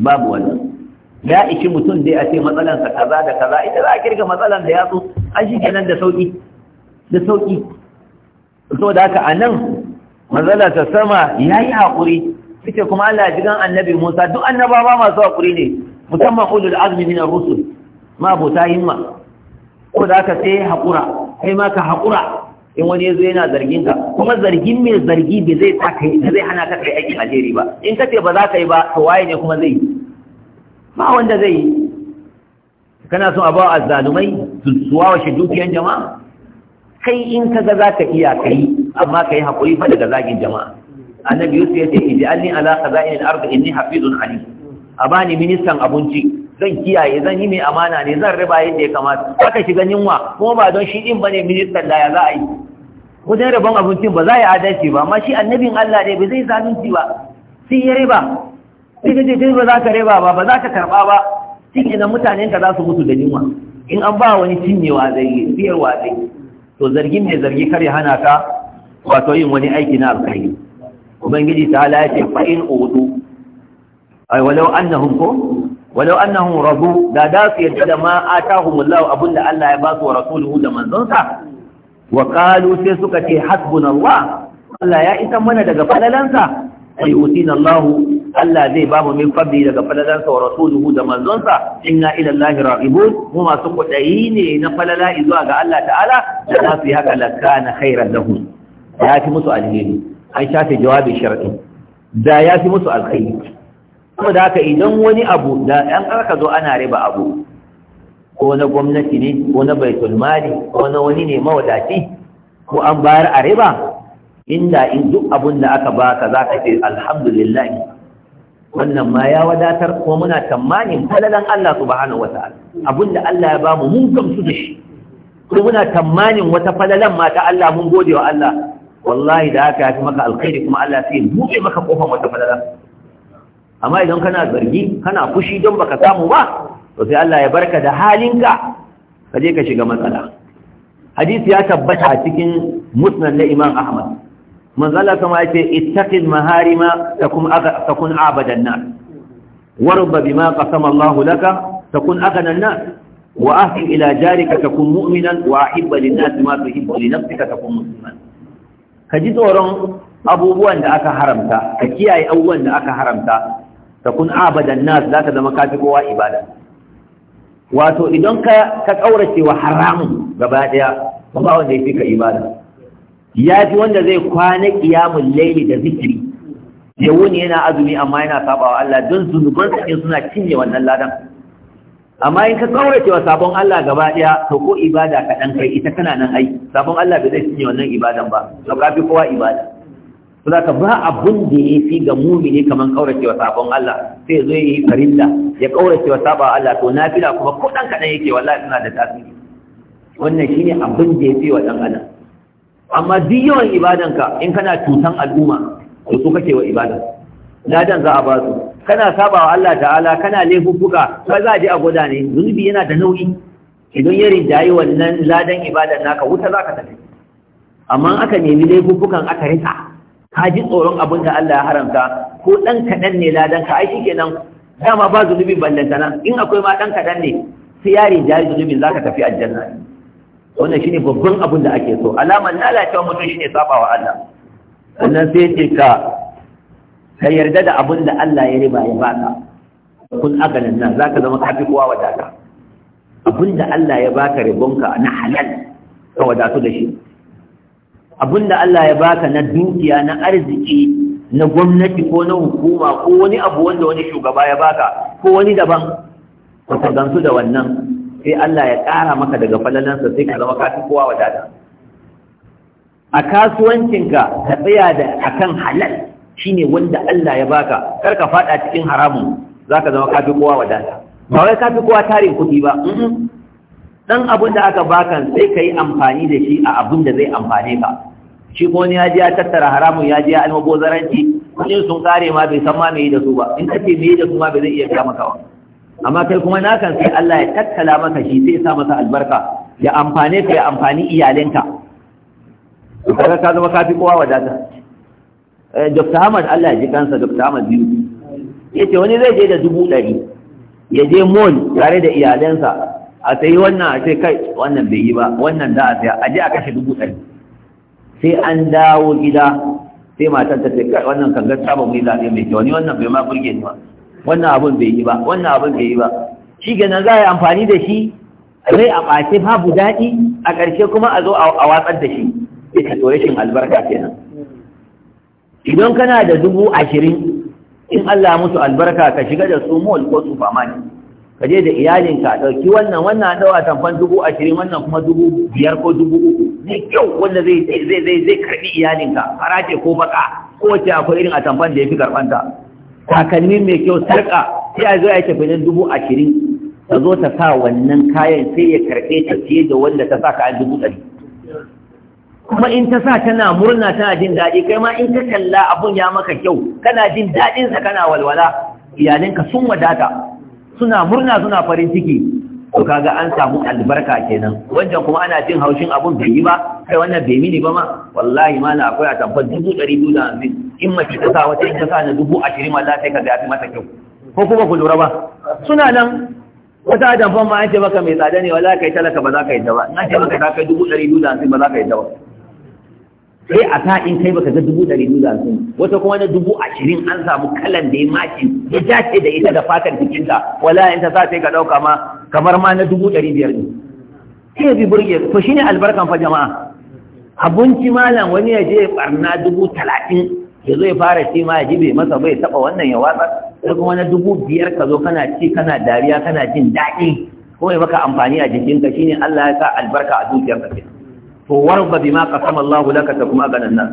babu wannan ya ishi mutum dai a ce matsalansa kaza da kaza ita za a kirga matsalan da ya so an shi kenan da sauki da sauƙi da haka a nan manzala ta sama ya yi haƙuri suke kuma Allah jigan annabi Musa duk annabawa masu haƙuri ne musamman ulul azmi min ar-rusul ma abota himma ko da ka sai haƙura kai ma ka haƙura in wani yazo yana zargin ka kuma zargin mai zargi bai zai ta kai zai hana ka kai a jeri ba in ka ce ba za ka yi ba to waye ne kuma zai yi ba wanda zai yi kana son a ba azzalumai su suwa wa dukiyan jama'a kai in ka ga za ka iya ka yi amma ka yi haƙuri fa daga zagin jama'a annabi yusuf ya ce ij'alni ala khaza'in al-ard inni hafizun alim a bani ministan abinci zan kiyaye zan yi mai amana ne zan riba yadda ya kamata aka shiga yunwa kuma ba don shi din bane ministan da ya za a yi wajen rabon abincin ba za a yi adalci ba amma shi annabin Allah ne ba zai zalunci ba sai ya riba sai ka ce ba za ka riba ba ba za ka karba ba cikin mutanen ka za su mutu da yunwa in an ba wani cinyewa zai yi siyarwa zai yi to zargin ne zargi kare hana ka wato yin wani aiki na alkhairi ubangiji ta ala yace fa in udu ay walau annahum ko walau annahum radu da da su yadda da ma atahumullahu abunda Allah ya ba su wa rasuluhu da manzonsa wa qalu sai suka ce hasbunallah Allah ya isa mana daga falalansa ay utina Allahu Allah zai ba mu min fadli daga falalansa wa rasuluhu da manzonsa inna ila Allah raqibun mu masu kudayi ne na falala zuwa ga Allah ta'ala da za su yi haka lakana khairan lahum ya fi musu alheri an shafe jawabi shar'i da ya fi musu alkhairi kuma da haka idan wani abu da an aka zo ana riba abu ko na gwamnati ne ko na baitul mali ko na wani ne mawadaci ko an bayar a riba inda in duk abun da aka baka za ka ce alhamdulillah wannan ma ya wadatar kuma muna tamanin falalan Allah subhanahu wata'ala abinda Allah ya bamu mun gamsu da shi kuma muna tamanin wata falalan ma ta Allah mun gode wa Allah wallahi da haka yafi maka alkhairi kuma Allah sai buɗe maka kofar wata falala. amma idan kana zargi kana fushi don baka samu ba to sai Allah ya barka da halinka ka je ka shiga matsala hadisi ya tabbata a cikin musnad na Imam Ahmad manzala kama ya ce ittaqil maharima takun aga takun abadan nas warba bima qasama Allahu laka takun aghanan nas wa ahsin ila jarika takun mu'minan wa ahibba lin nas ma tuhibbu li nafsika takun musliman ka ji tsoron abubuwan da aka haramta ka kiyaye abubuwan da aka haramta takun abadan nas zaka zama kafi kowa ibada wato idan ka ka kaurace wa haramun gaba daya ba wanda yake ka ibada ya ji wanda zai kwana ƙiyamun laili da zikiri ya wuni yana azumi amma yana sabawa Allah don zunuban sa suna cinye wannan ladan amma in ka tsaurace cewa sabon Allah gaba ɗaya to ko ibada kaɗan kai ita kana nan ai sabon Allah bai zai cinye wannan ibadan ba to ka fi kowa ibada to ka ba abun da ya fi ga mumini kamar kaurace wa sabon Allah sai zo yi farilla ya ƙauracewa sabawa Allah to nafila kuma ko dan kaɗan yake wallahi suna da tasiri wannan shine abun da ya fi wa dan Allah amma duk yawan ibadanka in kana cutan al'umma to su kake wa ibada ladan za a ba su kana sabawa Allah ta'ala kana laifuffuka ba za a je a gwada ne zunubi yana da nauyi idan ya rinjayi wannan ladan ibadan naka wuta za ka tafi amma aka nemi laifuffukan aka rika ka ji tsoron abin da Allah ya haramta ko dan kaɗan ne ladan ka ai shikenan dama ba zunubin ballantana in akwai ma dan kaɗan ne sai ya rinjayi zunubin za ka tafi aljanna wannan shine babban abin da ake so alamar lalacewa mutum shine saba wa Allah Wannan sai ce ka ka yarda da abin da Allah ya riba ya baka kun aganin nan zaka zama kafi kowa wadata abin da Allah ya baka ribonka na halal ka wadatu da shi abin da Allah ya baka na dukiya na arziki na gwamnati ko na hukuma ko wani abu wanda wani shugaba ya baka ko wani daban ka gansu da wannan sai Allah ya ƙara maka daga falalansa sai ka zama kafi kowa wadata a kasuwancinka ka tsaya da akan halal shine wanda Allah ya baka kar ka fada cikin haramun zaka zama kafi kowa wadata ba wai kafi kowa tarin kuɗi ba dan abin da aka baka sai ka yi amfani da shi a abin da zai amfane ka shi ko ya ji ya tattara haramun ya ji ya almabozaranci kudin sun kare ma bai san ma me yi da su ba in kace me yi da su ma bai zai iya biya maka ba amma kai kuma na kan sai Allah ya tattala maka shi sai sa masa albarka ya amfane ka ya amfani iyalinka kaga ka zama kafi kowa wadata eh, Dr. Ahmad Allah ya ji kansa Dr. Ahmad biyu yace wani zai je da dubu ɗari ya je mall tare da iyalinsa, a sai wannan a sai kai wannan bai yi ba wannan da a sai a je a kashe dubu ɗari sai an dawo gida sai matar ta ce kai wannan kan gaskiya ba mu yi zaɓe mai kyau ni wannan bai ma burge ni ba wannan abun bai yi ba wannan abun bai yi ba shi ganin za a yi amfani da shi rai a ɓace babu daɗi a ƙarshe kuma a zo a watsar da shi ita to rashin albarka kenan idan kana da dubu ashirin in Allah musu albarka ka shiga da su mall ko supermarket ka je da iyalinka a ɗauki wannan wannan a ɗaura tamfan dubu ashirin wannan kuma dubu biyar ko dubu uku ne kyau wanda zai zai zai zai karɓi iyalinka farace ko baka kowace akwai irin a tamfan da ya fi karɓanta takalmi mai kyau sarƙa sai a zo ya tafi nan dubu ashirin ta zo ta sa wannan kayan sai ya karɓe ta fiye da wanda ta sa kayan dubu ɗari kuma in ta sa tana murna tana jin daɗi kai ma in ta kalla abun ya maka kyau kana jin daɗinsa kana walwala iyalinka sun wadata suna murna suna farin ciki to kaga an samu albarka kenan wajen kuma ana jin haushin abun bai yi ba kai wannan bai mini ba ma wallahi ma na akwai a tamfar dubu ɗari biyu da hamsin in mace ta sa wata in ta sa na dubu ashirin ma za ta yi ka ga fi mata kyau ko kuma ku lura ba suna nan wata adamfan ma an ce maka mai tsada ne wala kai talaka ba za ka yadda ba na ce maka ta kai dubu ɗari biyu da hamsin ba za ka yadda ba sai a sa in kai baka ga dubu ɗari biyu da hamsin wata kuma na dubu ashirin an samu kalan da ya maki ya dace da ita da fatar jikinta wala in ta sa sai ka ɗauka ma kamar ma na dubu ɗari biyar ne sai bi burge to shine albarkan fa jama'a abinci malam wani ya je barna dubu talatin ya zo ya fara ci ma ya jibe masa bai taɓa wannan ya watsa sai kuma na dubu biyar ka zo kana ci kana dariya kana jin daɗi ko ya maka amfani a jikinka shine Allah ya sa albarka a zuciyarka to warba bima qasama Allahu laka ta kuma ganan nan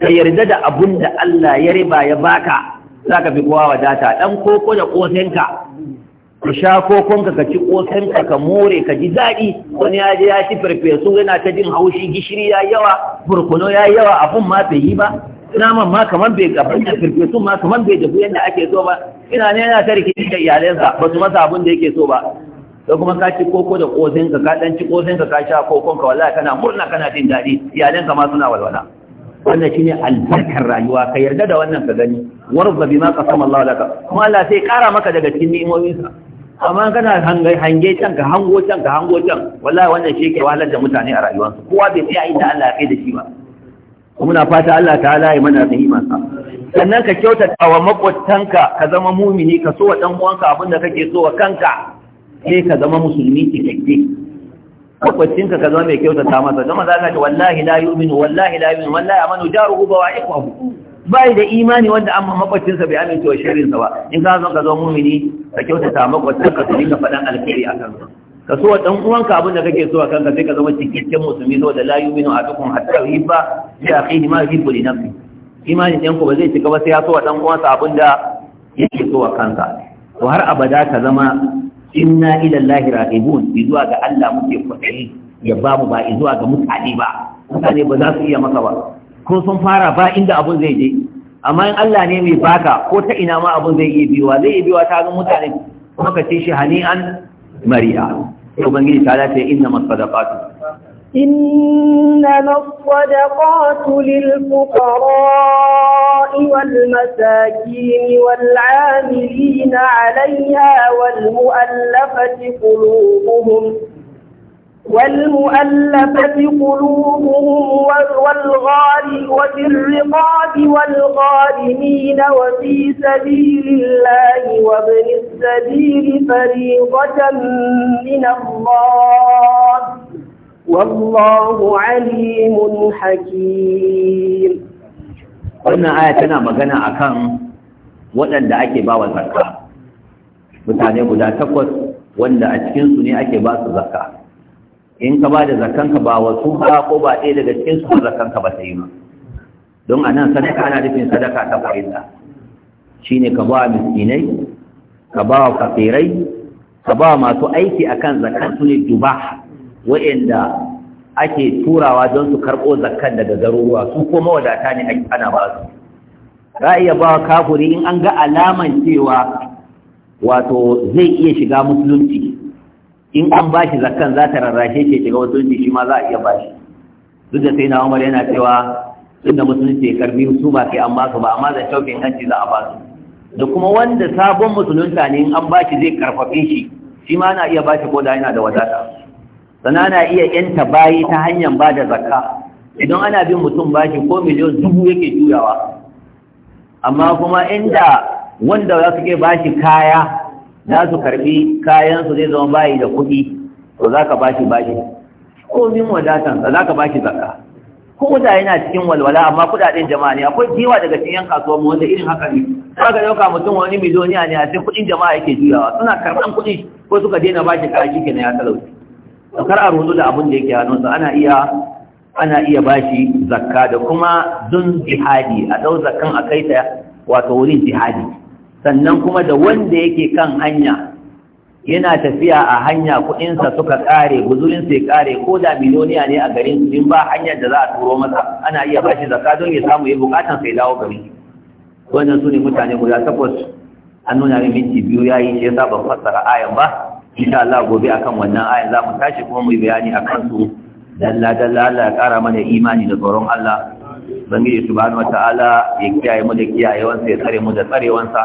ka yarda da abun da Allah ya riba ya baka zaka fi kowa wadata dan koko da kosenka ka sha kokonka ka ci kosanka ka more ka ji daɗi wani ya je ya ci farfesu yana ta jin haushi gishiri ya yawa burkuno ya yawa abun ma bai yi ba naman ma kamar bai gaban da farfesu ma kamar bai dafu yadda ake so ba ina ne yana ta rikici da iyalansa ba su masa abun da yake so ba sai kuma ka ci koko da kosanka ka dan ci kosanka ka sha kokonka wallahi kana murna kana jin daɗi iyalanka ma suna walwala wannan shi ne albarkar rayuwa ka yarda da wannan ka gani warza ma qasama Allah laka kuma Allah sai kara maka daga cikin ni'imominsa amma kana hange hange can ka hango can ka hango can wallahi wannan shi yake wahalar da mutane a rayuwarsu kowa bai tsaya inda Allah ya kai da shi ba muna fata Allah ta'ala ya mana rahima sa sannan ka kyautata wa makwatanka ka zama mumini ka so wa dan uwanka abin da kake so wa kanka sai ka zama musulmi cikakke makwattinka ka zama mai kyautata masa don maza ka ji wallahi la yu'minu wallahi la yu'minu wallahi amanu jaruhu bawa'iquhu bai da imani wanda amma makwacinsa bai amince wa shirinsa ba in ka zo ka zo mumini ka kyautata makwacin ka su dinga faɗan alkhairi a kansa ka so wa ɗan uwanka abin da kake so a kanka sai ka zama cikakken musulmi saboda la yuminu ahadukum hatta yuhibba li akhihi ma yuhibbu li nafsi imani ɗan ku ba zai cika ba sai ya so dan ɗan uwansa abin da yake so a kansa to har abada ka zama inna ila llahi raqibun zuwa ga Allah muke kwatai ya ba mu ba zuwa ga mutane ba mutane ba za su iya maka ba ko sun fara ba inda abun zai je amma in Allah ne mai baka ko ta ina ma abun zai iya biyuwa zai iya biyuwa ta ga mutane kuma ka ce shi hani'an mari'a sai ubangiji ta lafiya inna masadaqatu إنما الصدقات للفقراء والمساكين والعاملين عليها والمؤلفة قلوبهم والمؤلفة قلوبهم والغار وفي الرقاب والغارمين وفي سبيل الله وابن السبيل فريضة من الله والله عليم حكيم قلنا آية تنا مغنى أكام وأن دعاك باوى الزكاة متعني بدا تقوى وأن دعاك ينسوني أكي الزكاة in ka ba da zakanka ba wasu ba ko ba ɗaya daga cikin su zakanka ba ta yi ma don a nan sadaka ana nufin sadaka ta fa'ida shi ne ka ba wa miskinai ka ba wa fakirai ka ba wa masu aiki akan zakan su ne duba wa'inda ake turawa don su karɓo zakan daga garuruwa su ko mawadata ne ana ba su za a iya ba wa kafuri in an ga alaman cewa wato zai iya shiga musulunci in an bashi zakkan za ta rarrashe ke shiga musulunci shi ma za a iya bashi duk da sai na umar yana cewa inda musulunci ya karbi su ba sai an basu ba amma da shaukin hanci za a basu da kuma wanda sabon musulunta ne in an bashi zai karfafe shi shi ma na iya bashi ko da yana da wadata sana na iya yanta bayi ta hanyar ba da zakka idan ana bin mutum bashi ko miliyon dubu yake juyawa amma kuma inda wanda za su ke bashi kaya za su karbi kayansu zai zama bayi da kuɗi to za ka bashi bashi komin wadatan za ka bashi zakka ko da yana cikin walwala amma kuɗaɗen jama'a ne akwai jiwa daga cikin yan kasuwa mu wanda irin haka ne za ka ɗauka mutum wani miliyoniya ne a cikin kuɗin jama'a yake juyawa suna karɓan kuɗi ko suka daina bashi kashi kenan ya talauci kar a rudu da abin da yake hannunsa ana iya ana iya bashi zakka da kuma dun jihadi a ɗau zakkan a kai ta wato wurin jihadi sannan kuma da wanda yake kan hanya yana tafiya a hanya kuɗinsa suka ƙare guzurinsa ya ƙare ko da miliyoniya ne a garin su in ba hanyar da za a turo masa ana iya ba shi zaka don ya samu ya bukatan sai dawo gari wannan su ne mutane guda takwas an nuna min minti biyu ya yi shi yasa ban fassara ayan ba insha Allah gobe akan wannan ayan za mu tashi kuma mu yi bayani akan su dalla dalla Allah ya ƙara mana imani da tsoron Allah ubangiji subhanahu wataala ya kiyaye mu da kiyayewansa ya tsare mu da tsarewansa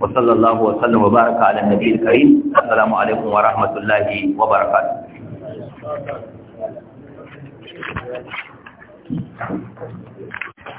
wa sallallahu wa sallam wa baraka ala nabiyil karim assalamu alaikum wa rahmatullahi wa barakatuh